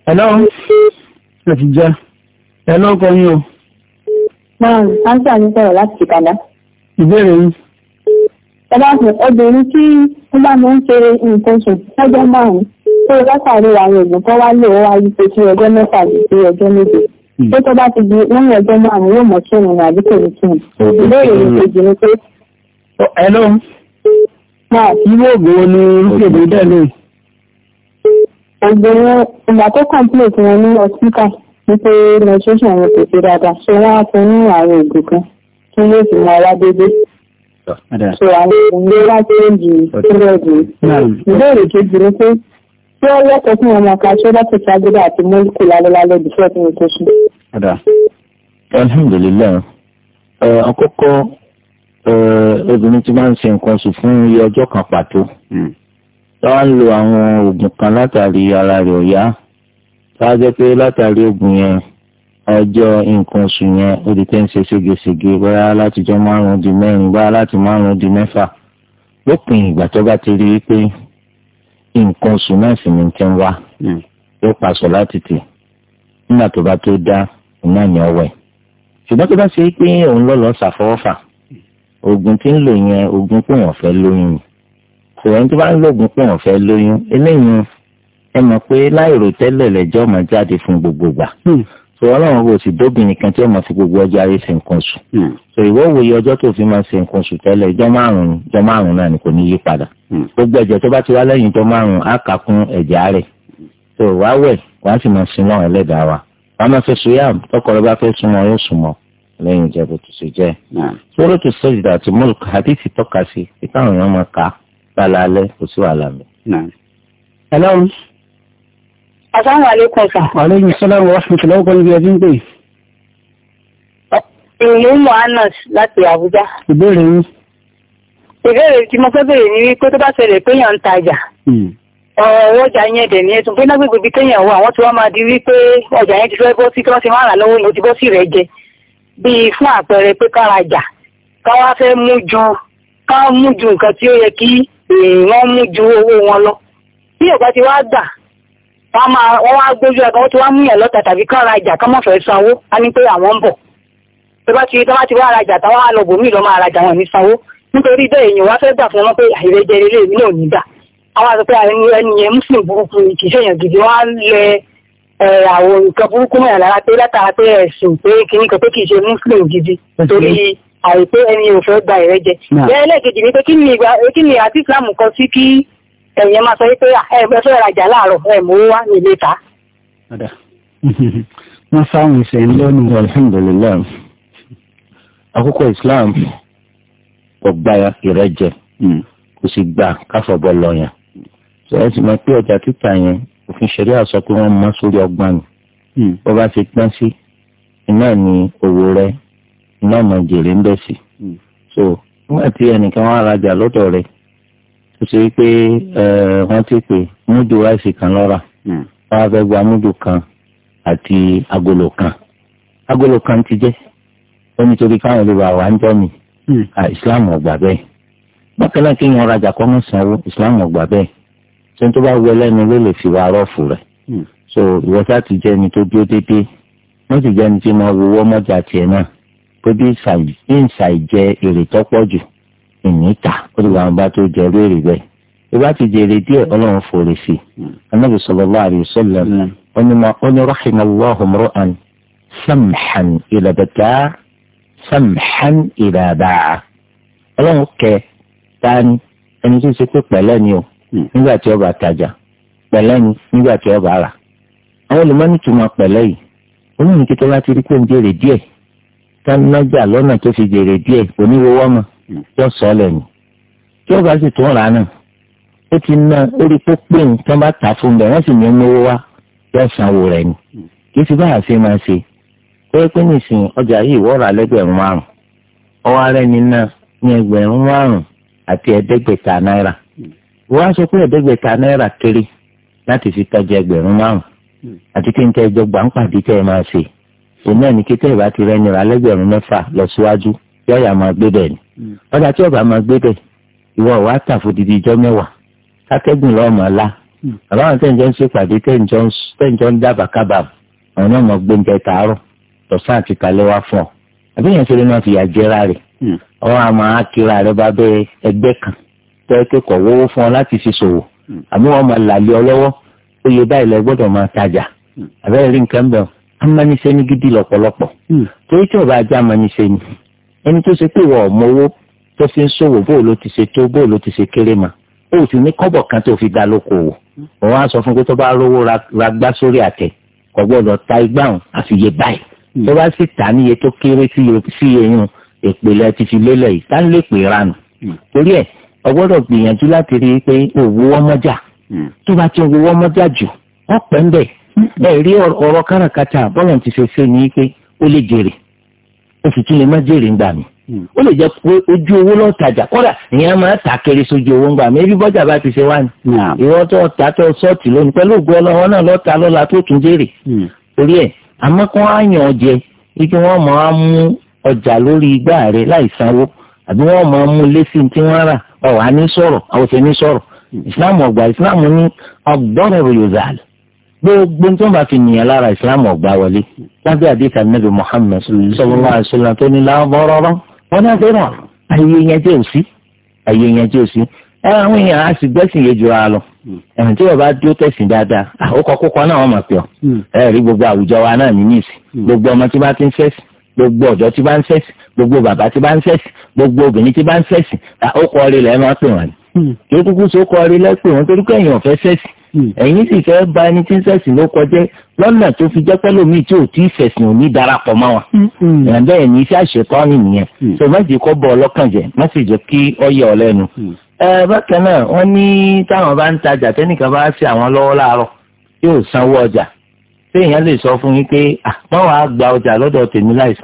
hello ẹ ti jẹ o. máa ń sáńsà ẹ̀dáàfún obìnrin tí wọ́n bá máa ń ṣe nǹkan sùn lọ́jọ́ márùn-ún tó látàrí àwọn oògùn tó wá lò ó wá yípo sí ọjọ́ mẹ́fà sí ọjọ́ méje tó hmm. tó bá ti di lẹ́yìn ọjọ́ márùn-ún yóò mọ̀ sí òun àbí kò ní tún ìbéèrè mi kejì ni pé. Oh, hello máa irú oògùn wo ni irúfẹ́ èdè bẹ́ẹ̀ lò. oògùn ìgbà tó complete wọn ní ọtíkà wípé menstruation wọn kò ṣe dáadáa ṣé wọ́n á fún ní àwọn oògùn kan kí yóò fi máa wá déédéé so àwọn ìgbìmọ̀ wá tó ń di sílẹ̀gì ìbéèrè kejì ni pé tí wọ́n lọ́kọ̀ọ́ fún ọmọ kan ṣé bá tètè agbẹ́dẹ́ àti mọ́lùkù lálẹ́lálẹ́ ibi tí wọ́n ti ń tó sùn. alhamdulilayi àkọ́kọ́ obìnrin tí máa ń ṣe nǹkan sùn fún iye ọjọ́ kan pàtó hmm. táwa ń lo àwọn oògùn kan látàrí ara rẹ̀ ọ̀yá táwa jẹ́ pé látàrí oògùn yẹn ọjọ́ nǹkan oṣù yẹn ó di pé ń ṣe ségesège bóyá látijọ́ márùn-ún di mẹ́rin bóyá láti márùn-ún di mẹ́fà lópin ìgbà tó bá ti rí i pé nǹkan oṣù náà sì ní ti ń wá hmm. yóò paṣọ láti tì nígbà tó bá tó dá iná yẹn wẹ̀ ṣùgbọ́n tó bá ṣe pé òun lọ́ ṣàfọwọ́fà oògùn tí ń lò yẹn oògùn pé wọ́n fẹ́ lóyún ṣùgbọ́n tó bá ń lògùn pé wọ́n fẹ́ lóyún eléyìí ẹ mọ̀ pé láìrò tẹ́lẹ̀ lẹ́jọ́ máa jáde fún gbogbo gbà. Hmm so ọlọ́run bò sí dóbìnrin kan tí ó máa fi gbogbo ọjọ́ ayé ṣe nǹkan oṣù hmm. so ìwọ wòye ọjọ́ tó fi máa ṣe nǹkan oṣù tẹ́lẹ̀ ìjọ márùn-ún ìjọ márùn-ún náà ni kò ní yí padà hmm. gbogbo ẹ̀jẹ̀ tó bá ti wá lẹ́yìn ìjọ márùn-ún á kà kún ẹ̀jẹ̀ rẹ̀ so wàá wẹ̀ wàá sì máa sin náà ẹlẹ́dàá wa wàá máa fẹ́ suyam tọkọrọ bá fẹ́ súnmọ́ yóò súnmọ́ lẹ́yìn ìjẹ́ bó ti ṣe jẹ́ sọ́rọ́ tó sọ́jìdà àti mọ́lùkù àdìsí tọ́ka Assalamu alaikum sà. Wa alaikum salam wa rahmatullahi ọkọ̀ ibi ẹbí ń pè. Ìlú Mohanas láti Àbújá. Ìbéèrè yín. Ìbéèrè tí mo fẹ́ bèèrè ní wípé tó bá ṣẹlẹ̀ pé èèyàn ń tajà. Hmm. Ọ̀rọ̀ ọjà yẹn dẹ̀ ní ẹ̀sùn pé lágbègbè ibi téèyàn wà wọ́n ti wá máa di wípé ọjà yẹn ti fẹ́ bọ́ sí kí wọ́n ti máa rà lọ́wọ́ ló ti bọ́ sí rẹ̀ jẹ. Bíi fún àpẹẹrẹ pé kára jà ká wá fẹ́ mú ju ká mú ju nǹkan tí ó yẹ kí èèyàn mú ju owó wọn lọ. Bí ọ̀gá ti wá gbà wọ́n máa wọ́n wá gbójú ẹ̀kọ́ tí wọ́n mú yàn lọ́ta tàbí kán ra ìjà kán mọ̀ fẹ́ sanwó ní pé àwọn ń bọ̀ tó bá ti tó bá ti wá ara ìjà táwọn á lọ bòmí máa ìjà wọn ní sanwó nítorí bẹ́ẹ̀ èèyàn wá fẹ́ gbà fún wọn pé àìrẹ́jẹ ilé mi náà nígbà àwọn àti ẹni yẹn muslim burúkú kì í ṣèyàn gidi á lẹ ẹ̀yìn máa sọ wípé ah, ẹgbẹ́ fẹ́ rajà láàárọ̀ ẹ̀ mú wá nílé ta. *laughs* wọ́n fáwọn ìṣẹ̀ ń lọ́nu alhamdulilayi àkókò islam kò gba ìrẹ́jẹ kò sì gba káfọ̀bọ lọ́yàn sọ̀rọ̀ sì máa pé ọjà títà yẹn òfin ṣẹ̀rí àṣọ pé wọ́n mọ sórí ọgbọ́n ni hmm. bó bá ti pín sí iná ni òwò rẹ iná mọ̀ jèrè ń bẹ̀ sí hmm. so nígbà tí ẹnìkan wá rajà lọ́dọ̀ rẹ̀ ó ṣe pé hmm. eh, wọ́n ti pè múdù ráìsì kan lọ́ra hmm. wọ́n á fẹ́ gba múdù kan àti agolo kan agolo kan ti jẹ́ ó nítorí káwọn olè wà wá ń jọ́ mi hmm. islam ọgbà bẹ́ẹ̀ bákan náà kéèyàn rajà kọ́ mọ́ sanwó islam ọgbà bẹ́ẹ̀ ṣé tó bá wọlé ẹni ló lè fi wà rọ́ọ̀fù rẹ̀ so ìwọ́sá ti jẹ́ ẹni tó dúró déédéé wọ́n sì jẹ́ ẹni tí mo wọ́wọ́ mọ́jà tiẹ̀ náà kó bí ìsàìjẹ́ èrè tọ́pọ̀ jù ìníta ó ti wà wọn bá tó jẹ léèrè bẹ́ẹ̀ ìbá ti jèrè díẹ̀ ọlọ́run fòrè sí i anábì sallallahu alaihi wasallam onímọ̀ mm. onírọ́hìnà wọ́ọ̀hùnmọ́rọ́ àn sàmḥàn ìlàbẹ̀tà sàmḥàn ìlàbà ọlọ́run kẹ tani ẹni tó ṣe pé pẹ̀lẹ́ ni o mm. nígbà tí ọba tajà pẹ̀lẹ́ ni nígbà tí ọba rà àwọn olùmọ́ni túmọ̀ pẹ̀lẹ́ yìí olóyìn kí tó bá ti rí pé ń jèrè díẹ̀ tánájà lọ́nà tó fi jèrè díẹ̀ oníwọ́wọ́ mọ̀ yọ sọlẹ̀ ni tí ó bá sì tún rà náà ó ti ná orí pópé ní tí wọ́n bá ta fún sì ní owó wá yọ sanwó rẹ̀ ni kí si báyà ṣe máa ṣe pé pé ọjà yìí wọ́n rà lẹ́gbẹ̀rún márùn ọwọ́ náà àti ẹ̀ẹ́dẹ́gbẹ̀ta náírà wọ́n á sọ pé ẹ̀ẹ́dẹ́gbẹ̀ta náírà kéré láti fi tọ́jú ẹgbẹ̀rún márùn àti kí n tẹ́ gbà ń pàdé tẹ́ ẹ máa ṣe òun náà ọjà tí ọba máa gbé bẹ̀ ìwọ wa tà fún didi ìjọ mẹ́wàá kákẹ́gùn lọ́wọ́ máa la hmm. àbá àwọn tẹ̀jọ́ ń ṣèpàdé tẹ̀jọ́ ń dábàá kábàá àwọn náà máa gbé oúnjẹ tààrọ̀ tọ̀sán àti kalẹ́ wá fún ọ àbí yẹn ṣeré náà fìyà jẹ́ra rẹ̀ hmm. ọwọ́ àmọ́ akira rẹ̀ bá bẹ ẹgbẹ́ kan tó ẹ kẹ́kọ̀ọ́ wọ́wọ́ fún ọ láti fi ṣòwò hmm. àbí wọ́n máa làlẹ́ ọ lọ́wọ́ ó yẹ báyìí lẹ gbọ́dọ̀ máa tajà àbẹ́rẹ́ rí nǹkan bẹ́ẹ̀ amánisẹ́ni gidi lọ́pọ̀lọpọ̀ torí tí ò bá jẹ́ amánisẹ́ni ẹni tó ṣe pé ìwọ ọmọ owó tó fi ń ṣòwò bóò ló ti ṣe tó bóò ló ti ṣe kéré mà ó sì ní kọ́bọ̀ kan tó fi dá lókòwò òun á sọ fún pé tó bá rówó ra gbá sórí àtẹ kò gbọ́dọ̀ ta igbá hàn àfi iye báyìí hmm. tó bá sì tà níye tó kéré sí iye yun ìpìlẹ̀ ti fi lélẹ̀ yìí tá lè pè ranù hmm. torí ẹ̀ ọgbọ́dọ̀ gbìyànjú láti rí i pé òwú ọmọjà hmm. tó bá ti wọ́n mọ́jà jù ọ̀pẹ́ ń bẹ̀ ẹ̀ rí ọ̀rọ̀ káràkátà bọ́lá ti ṣe ṣe ní pé ó lè jèrè ó sì tún lè má jèrè ń gbà mí hmm. ó lè jẹ́ pé ojú owó ló tajà kódà ìyẹn máa ta kiri sójú owó ń gbà mí ebi bọ́jà bá ti ṣe wá ni hmm. ìwọ tó ta tó sọ́ọ̀tì lónìí pẹ̀lú ògùn ọlọ́wọ́ náà lọ́ta lọ́la tó tún jèrè hmm. orí ẹ̀ àmọ́ kó á yàn ọ jẹ ike wọ́n máa mú ọjà lórí igbá rẹ láì sanwó àbí wọ́n máa mú lẹ́sìn tí wọ́n rà ọ̀wá ní sọ̀rọ̀ àwòṣe ní sọ̀rọ̀ ìsìláàmù ọgbà ìsìláàmù ní gbogbo tó ń bá fi nìyẹn lára ìsìlámù ọgbà wọlé lábẹ́ àdéhà nàbì Muhammad sallallahu alaihi wasallam tó ní lábọ́rọ́rọ́ wọn náà fẹ́ràn ayé yẹn tí ò sí ayé yẹn tí ò sí àwọn èèyàn á sì gbẹ́sìn yẹn jura lọ ẹ̀hìn tí bàbá dúró tẹ̀sìn dáadáa àkókò kókó náà wọ́n máa pè ọ́ ẹ rí gbogbo àwùjọ wa náà ní nìyí gbogbo ọmọ tí bá ti ń fẹ́sì gbogbo ọ̀dọ́ tí bá ń fẹ́sì gbogbo bàbá tí bá ń fẹ́sì gbogbo obìnrin tí bá ń fẹ́sì àkókò ọ̀rẹ́ lẹ́ẹ̀ pè wọ́n ní. Hmm. kí kúkú sókò ọ̀rẹ́ lẹ́ẹ̀ wọ́n torí pé èèyàn fẹ́sì Hmm. ẹ̀yin sì fẹ́ ba ẹni tí ń ṣẹ̀sìn ló kọjá lọ́nà tó fi jẹ́ pẹ́lú mi tí ò tí ì ṣẹ̀sìn ò ní darapọ̀ mọ́ wọn. ìyàndá ẹ̀ ní iṣẹ́ àṣetọ́ nìyẹn tó hmm. má jẹ́ kó bọ̀ ọlọ́kàn jẹ́ má sì jẹ́ kí ọ yẹ ọ lẹ́nu. Hmm. ẹ bákan náà wọ́n ní táwọn bá ń tajà tẹ́nìkan bá ṣe àwọn lọ́wọ́ láàárọ̀ yóò sanwó ọjà téèyàn lè sọ fún yín pé báwọn á gba ọjà lọ́dọ̀ tèmi láì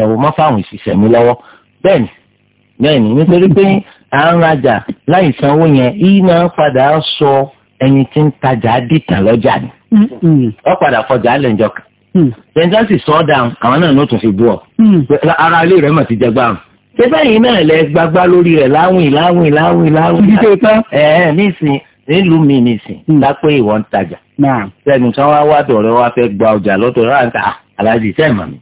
ẹni tí ń tajà dìtàn lọ́jà ni ọ mm. mm. padà fọjà lẹ́njọ́ kan lẹ́njọ́ mm. sì sọ ọ́ dáhùn àwọn náà ló tún fi bú ọ ara ilé rẹ̀ mà ti ṣé báyìí náà lẹ gbagbá lórí láwìn láwìn láwìn láwìn nísìn nílùú mi lápé ìwọ ń tajà sẹ́nu wá dọ̀rẹ́ wá fẹ́ gba ọjà lọ́tọ̀ ah, mi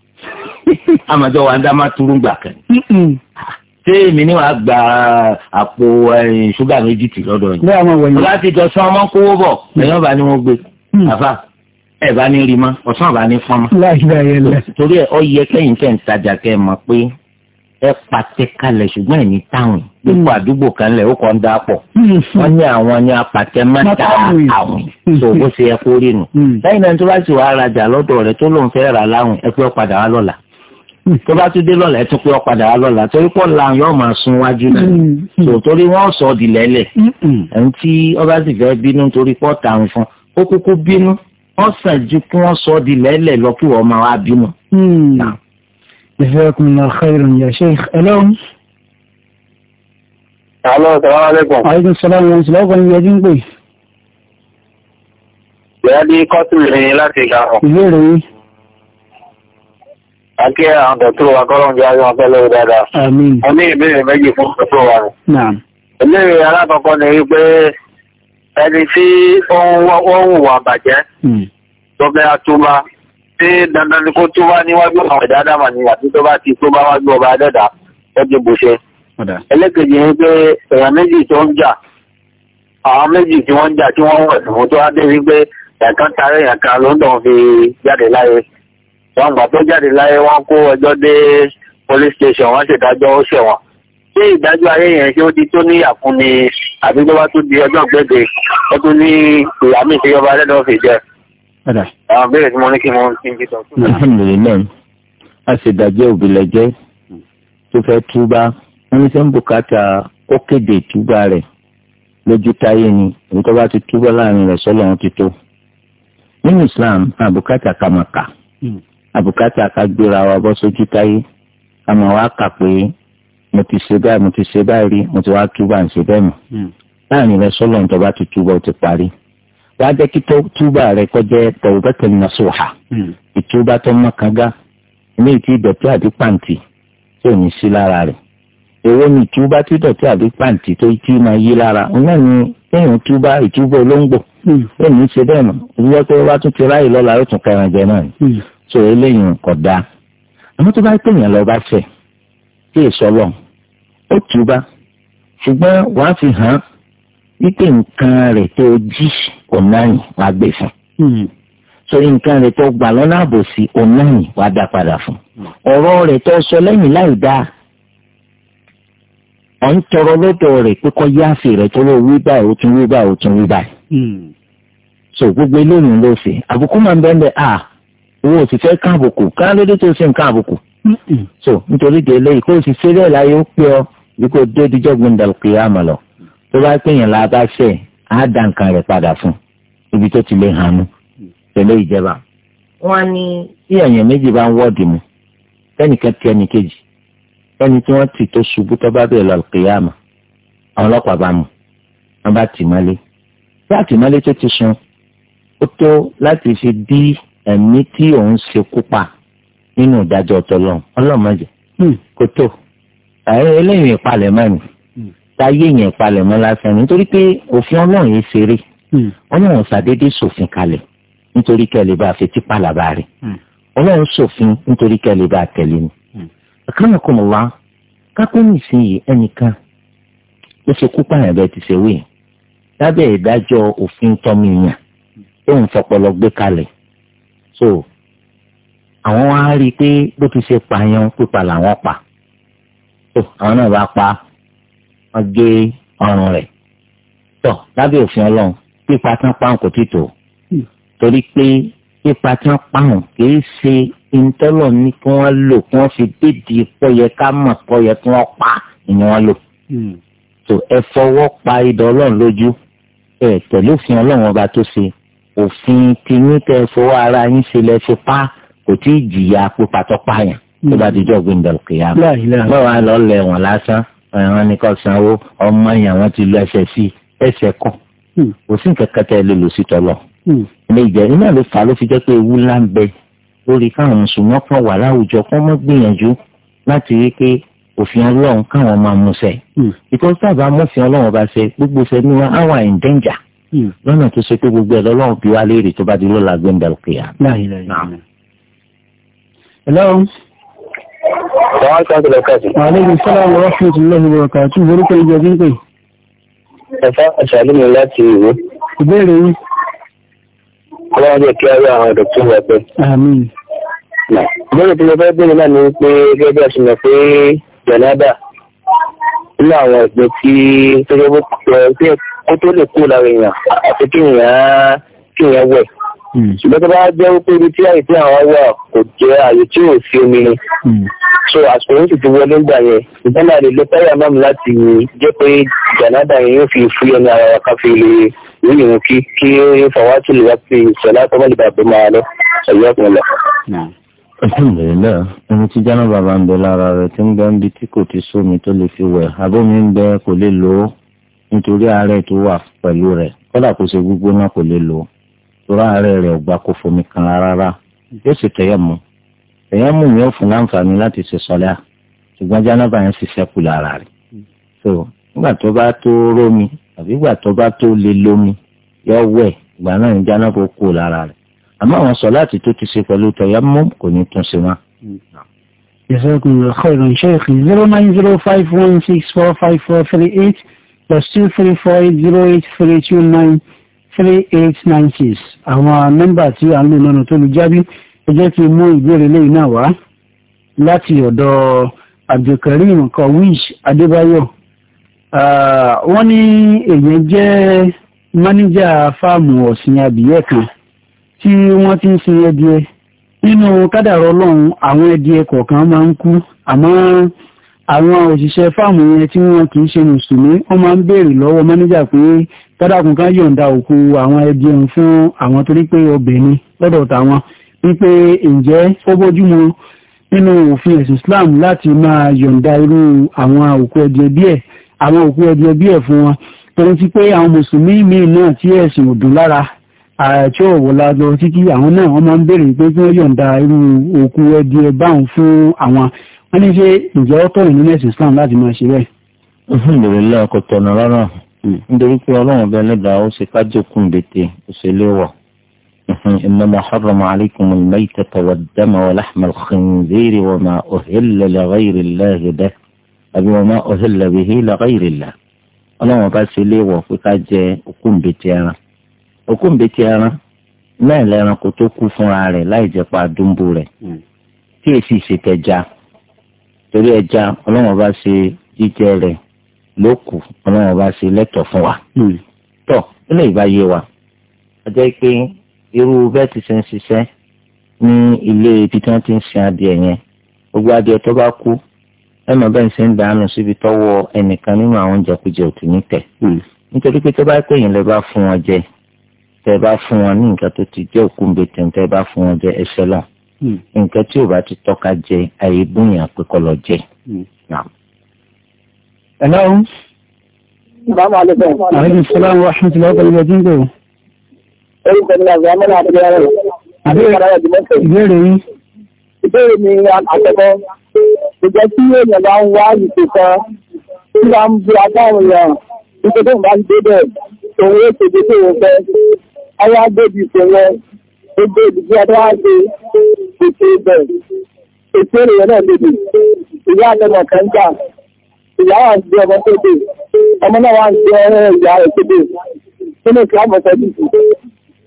*laughs* àmọ́jọ́ wa ń dá má túrú gbà ṣé èmi ni wàá gba àpò ṣúgà méjì tì lọ́dọ̀ yìí ọba ti jọ sọ ọmọ kówó bọ̀ hmm. ẹ̀yọ́ bá ní wọ́n gbé hmm. àfà ẹ̀ bá ní rí mọ́ ọ̀sán bá ní fọ́n mọ́ torí ẹ̀ ọ yẹ kẹ́yìn kẹ́ ń tajà kẹ́ ẹ̀ mọ̀ pé ẹ pàtẹ kalẹ̀ ṣùgbọ́n ẹ̀ní táwọn gbogbo hmm. àdúgbò kan lẹ̀ ó kàn dá pọ̀ wọ́n ní àwọn ní apàtẹ mẹ́ta àwọn tó o ṣe ẹ kórè nù lẹ́yìn náà tó bá sì wàá rajà lọ́dọ̀ rẹ̀ tó lóun fẹ́ rà láwọn ẹ pé padà wá lọ́la tó bá tún dé lọ́la ẹ̀ tún pé ọ padà wá lọ́la torí pọ̀ la yóò máa sun wájú náà tó mm-hmm. torí wọ́n sọ ọ́ di lẹ́lẹ̀ mm-hmm. ẹ̀hún tí ọba sì fẹ́ bínú torí pọ̀ tà ń fún ó kúkú bínú wọ́n sàn ju kí wọ́n sọ ọ́ di lẹ́lẹ̀ lọ kí wọ́n máa wá bínú. Mm-hmm. jazakumullahu khairan ya sheikh ẹlẹ́wọ̀n. alo salaam aleykum. aleykum salaam wa rahmatulah ọkọ ni yẹjú ń pè. ìyá di kọ́tù ìrìn láti ìgbà Àkí àwọn dọ̀tọ́ wa kọ́lọ́n jẹ́ àwọn ọpẹ́ lórí dáadáa. Àmín. Mo ní ìbéèrè méjì fún dọ̀tọ́ wa rẹ̀. Naam. Ìbéèrè alákọ̀ọ́kọ́ ni wípé ẹni tí ó ń wà bàjẹ́ hmm. tó bẹ́ àtúbá tí dandan ni kó túbá níwájú àwọn ẹ̀dá dàmà ni àti tó bá ti tó bá wájú ọba adẹ́dà ó ti bùṣe. Ẹlẹ́kejì ni pé èèyàn méjì tó ń jà àwọn méjì tí wọ́n ń jà tí wọ́n wọ̀ ẹ̀sùn wọn gbà tó jáde láyé wọn kó ẹjọ́ dé police station wọn ṣèdájọ́ ó ṣẹ̀wọ̀n ṣé ìdájọ́ ayé yẹn ṣé ó di tó ní àkún ni àbí tó bá tún di ọjọ́ gbèdè ó tún ní ìyá mi ṣe yọba lẹ́dọ̀ fi jẹ. àwọn béèrè tí mo ní kí mo ti ń jìtọ̀. alhamdulilayi a ṣe ìdájọ́ òbílẹ̀jẹ́ tó fẹ́ túbá wọ́n ní sẹ́ńbù kàtà ó kéde ìtúbà rẹ̀ lójú táyé ni èyí tó bá ti túbọ̀ láàrin rẹ̀ sọ́lọ́run ti tó nínú Islam àbùkátà kàmàkà àbùkátà ká gbéra wa bọ́ sójú táyé àmọ́ wàá kà pé mo ti ṣe báyìí mo ti ṣe báyìí rí mo ti wá túbà ń ṣe bẹ́ẹ̀ mọ́ hmm. láàrin rẹ sọ́lọ̀ ní tọ́ba ti túbọ̀ ti parí wàá jẹ́ kí túbà rẹ kọjá tawbatan nasuha hmm. ìtúbà tó mọ́ kanga ní ìtì ìdọ̀tí àti pàǹtì tí ò ní sí lára rẹ̀ èwo ni ìtúbà tí ìdọ̀tí àti pàǹtì tó ti máa yí lára náà ni kéèyàn túbà ìtúbà olóńgbò lónìí hmm. ṣe bẹ́ẹ̀ mọ́ ìdíjọ́ pé wàá tún ti ráyè lọ́la yóò tún so eléyìí kódà àmọ́ tó bá lọ bá fẹ́ kí èso ó tù bá ṣùgbọ́n wàá fi hàn wípé nǹkan rẹ̀ tó jí ọ̀nàyìn wàá gbé fún hmm. so nǹkan rẹ̀ tó gbà lọ́nà àbòsí ọ̀nàyìn wàá dá padà fún ọ̀rọ̀ rẹ̀ tó sọ lẹ́yìn láì dá ọ̀ ń tọrọ lọ́dọ̀ rẹ̀ pé kọ́ rẹ̀ tó lọ wí báyìí ó tún wí báyìí tún wí báyìí hmm. so gbogbo owó ò sì fẹ́ kán àbùkù ká lóde tó sì ń kán àbùkù. so nítorí de eléyìí kó o sì ṣe bẹ́ẹ̀ láyé ó pé ọ bí kò dé díjọ́ gbẹ̀ndàlùkì àmọ̀ lọ tó bá pèèyàn la bá fẹ́ á dá nǹkan rẹ̀ padà fún ibi tó ti lè hànú tẹ̀lé ìjẹba. wọ́n ní tí èèyàn méjì bá ń wọ́ọ̀dì mu ẹnìkan ti ẹnì kejì ẹni tí wọ́n ti tó ṣubú tó bá bẹ̀rẹ̀ lọ́ọ̀kìyàmà àwọn ọlọ́pàá bá mu wọ́n bá tì mọ́lé bí àtìmọ́lé tó ti sun ó tó ẹ̀mí tí òun ṣe kópa nínú ìdájọ́ tọ́lọ́n ọlọ́mọdé hmm. kò tó eléyìí ìpalẹ̀ mọ́ ni hmm. táyé yẹn ìpalẹ̀ mọ́ lásán nítorí pé òfin ọlọ́run yìí ṣeré hmm. ọlọ́run ṣàdédé ṣòfin kalẹ̀ nítorí kẹ́lẹ́ bá fi tipa làbá rẹ̀ ọlọ́run ṣòfin nítorí kẹ́lẹ́ bá tẹ̀lé ni. àkàrà kò mọ̀ wá kápẹ́ni ìsinyìí ẹnìkan ló ṣe kú pààyàn bẹ́ẹ̀ ti ṣe wéyìn lábẹ́ ìdájọ́ òfin tọ́mìyàn tó ń fọpọlọ gbé kalẹ̀ so àwọn wá rí i pé bó ti ṣe pààyàn pípa làwọn pa so àwọn náà bá pa wọn gé ọrùn rẹ̀ tọ lábẹ́ òfin Ọlọ́run pípa tán páwọn kò tí tó torí pé pípa tán páwọn kì í ṣe ìtọ́lọ̀ ní kí wọ́n lò kí wọ́n fi dédìí pọ́yẹ ká mọ̀ pọ́yẹ kí wọ́n pa ni wọ́n lò. so ẹ fọwọ́ pa idọ̀ ọlọ́run lójú ẹ tẹ̀lé òfin ọlọ́run ọba tó ṣe òfin tiyín tẹ fọwọ́ ara yín ṣe lẹ fi pa kò tí ì jìyà pípatọ́ pààyàn tó bá dijọ́ gbẹ̀ndẹ̀lù kìyà báwa lọ lẹ̀ wọ́n lásán ẹ̀wọ̀n ni kò sanwó ọmọ yẹn wọ́n ti lu ẹsẹ̀ sí ẹsẹ̀ kọ̀ hmm. kò sí nǹkan kẹtẹ lè lò sí tọ́lọ̀ hmm. ilé ìjẹ́ iná ló fà á ló fi jẹ́ pé ewu ńlá ń bẹ lórí káwọn mùsùlùmí kan wà láwùjọ kó mọ́ gbìyànjú láti rí pé òfin ọlọ́run káwọn máa mú ṣẹ ìtọ́jú hmm. àbámọ́fin ọlọ́run bá ṣe gbogbo ṣẹ́ in danger Hmm. lọ́nà tó ṣe pé gbogbo ẹ̀ lọ́lọ́run fi wá léèrè tó bá di lọ́la gbẹ̀ndà òkè à. Hello. Àlejò sọ́lá wọ ọ́fíì tí lọ́wọ́ ìwọ̀n kan tí orúkọ ìjọ bí ń pè. Ẹ̀fọ́ àṣàlẹ́ mi láti ìwé. Ìbéèrè yìí. Ọlọ́run jẹ́ kí a rí àwọn ọ̀dọ̀ tó wà pẹ́. Àmín. Ìbéèrè tí mo fẹ́ bèèrè náà ni pé gẹ́gẹ́ bí a ṣe mọ̀ pé Jẹ̀nàdà nínú àwọn ìpín tí tó yẹ kó tó lè kó lára èèyàn àti kí èèyàn kí èèyàn wẹ̀. Hmm. ṣùgbọ́n tó bá jẹ́ wípé ibi tí àyè tí àwọn wà kò jẹ́ àyè tí ò sí omi ni. Hmm. so àsìkò yóò sì ti wọlé gbà yẹn ìdáná àlè ló táyà mọ́mù láti jẹ́ pé jàǹdà yẹn yóò fi fún ẹni ara wa ká fi lè rí ìrùn kí kí ó fọwọ́ sí lè wá sí ìṣẹ̀lá tó mọ̀ nípa àgbẹ̀ máa lọ ẹ̀yọ́ ọ̀pọ̀ lọ. Alhamdulillah ẹni tí jánà bàbá ń bẹ lára rẹ̀ tí ń gbẹ́ ń bi tí kò ti sómi tó lè fi wẹ̀ abómi ń bẹ kò lè lò ó nítorí àárẹ̀ tó wà pẹ̀lú rẹ̀ kódà kó ṣe gbígbóná kò lè lò torí àárẹ̀ rẹ̀ ò gbà kó fomi kan rárá yóò sì tẹ̀yẹ̀ mú tẹ̀yẹ̀ mú yóò fún láǹfààní láti ṣe sọ́lá ṣùgbọ́n jánábà yẹn sì ṣẹ́kù lára rẹ̀ so nígbà tó bá tó rómi àbí ìgbà tó bá tó lè lómi yọ wẹ̀ ìgbà náà ní jánábà ó kú lára rẹ̀ àmọ́ àwọn sọ láti tó ti ṣe pẹ̀lú tẹ̀yẹ̀ mú kò ní tún ṣe wọn. ìṣègùn ìrọ̀kọ̀ ìrọ̀ṣẹ́ ìkì zero nine zero five one six four five four three eight. plus two three four eight zero eight three two nine three eight nine six àwọn nọ́mbà tí à ń tó lu jábí ẹ jẹ́ kí n mú ìbéèrè lẹ́yìn náà wá láti ọ̀dọ̀ Abdulkareem Kawish Adébáyọ̀ wọ́n ní èèyàn jẹ́ mánéjà fáàmù kan tí wọ́n ti ń sin nínú ọlọ́run àwọn kọ̀ọ̀kan máa ń àwọn òṣìṣẹ́ fáàmù yẹn tí wọ́n kì í ṣe mùsùlùmí wọ́n máa ń béèrè lọ́wọ́ mánéjà pé tọ́dàkùn kan yọ̀ǹda òkú àwọn ẹbí ẹ̀hún fún àwọn torí pé obìnrin lọ́dọ̀ tàwọn wípé ǹjẹ́ ó bójúmu nínú òfin ẹ̀sìn Islam láti máa yọ̀ǹda irú àwọn òkú ẹbí ẹbí ẹ̀ àwọn òkú ẹbí ẹbí ẹ̀ fún wọn torí ti pé àwọn mùsùlùmí míì náà tí ẹ̀sìn ò dùn lára àti ọ̀wọ̀lá lọ títí àwọn náà wọ́n máa ń béèrè pé kí wọ́n yọ̀ǹda irú òkú ẹbí ẹ báwọn fún àwọn wọ́n ní ṣe ìjọ tọ̀nà nínú ẹ̀sìn Islam láti máa ṣe bẹ́ẹ̀. alhamdulilayi kò tọ̀nà rárá hmm. nítorí pé ọlọ́run bẹ́ẹ̀ lẹ́dàá ó ṣe kájọkùn bètè ó ṣe léwọ̀ إنما حرم عليكم الميتة والدم ولحم الخنزير وما أهل لغير الله به أبي وما أهل به لغير الله ọlọ́run bá ṣe léwọ̀ pé ká jẹ òkúńbètì ẹran òkúńbètì ẹran náà lẹ́ranko tó kú fúnra rẹ̀ láì torí ẹja ọlọ́wọ́n bá ṣe jíjẹ rẹ̀ lókù ọlọ́wọ́n bá ṣe lẹ́tọ̀ fún wa. Hmm. tọ́ ilé ìbá yé wa a jẹ́ pé irú bẹ́ẹ̀ ti ṣe ń ṣiṣẹ́ ní ilé ibi tí wọ́n ti ń sin adìẹ yẹn gbogbo adìẹ tó bá kú ẹnu bẹ́ẹ̀ ṣe ń dànù síbi tọ́wọ́ ẹnìkan nínú àwọn jẹkújẹ òtún ní tẹ̀. Hmm. nítorí pé tó bá pè yín lẹ bá fún wọn jẹ tẹ bá fún wọn ní nǹkan tó ti jẹ́ òkú ń tẹ bá fún wọn jẹ ẹṣẹ́ lọ́n Hmm. nǹkan tí ò bá ti tọ́ka jẹ àyè bóyá pé kọ́ lọ jẹ. Hmm. hello. salaamu aleykum. aleykum salaam wa rahmatulah wa barakatuh. orúkọ mi àgbà mọ́nà àti ìyá rẹ̀. ìbéèrè yín. ìbéèrè mi àkọ́kọ́ ìjọ tí èèyàn bá ń wá ìpè kan tí wọ́n ń bu agbáwọn èèyàn nípa tó ń bá ti dé bẹ̀ òun yóò ṣe dé tó wọ́n fẹ́ ọwọ́ agbóbi ìpè wọn gbogbo ìdíje ọdún wá ṣe títí bẹ̀rẹ̀ ètò ènìyàn náà lè dè ìyá àtọmọ kan gbà ìyá wa ń gbé ọmọ tó dè ọmọ náà wà ń gbé ọrẹ ìyá rẹ tó dè nínú ìsìlámù ọkọ bí ìsìn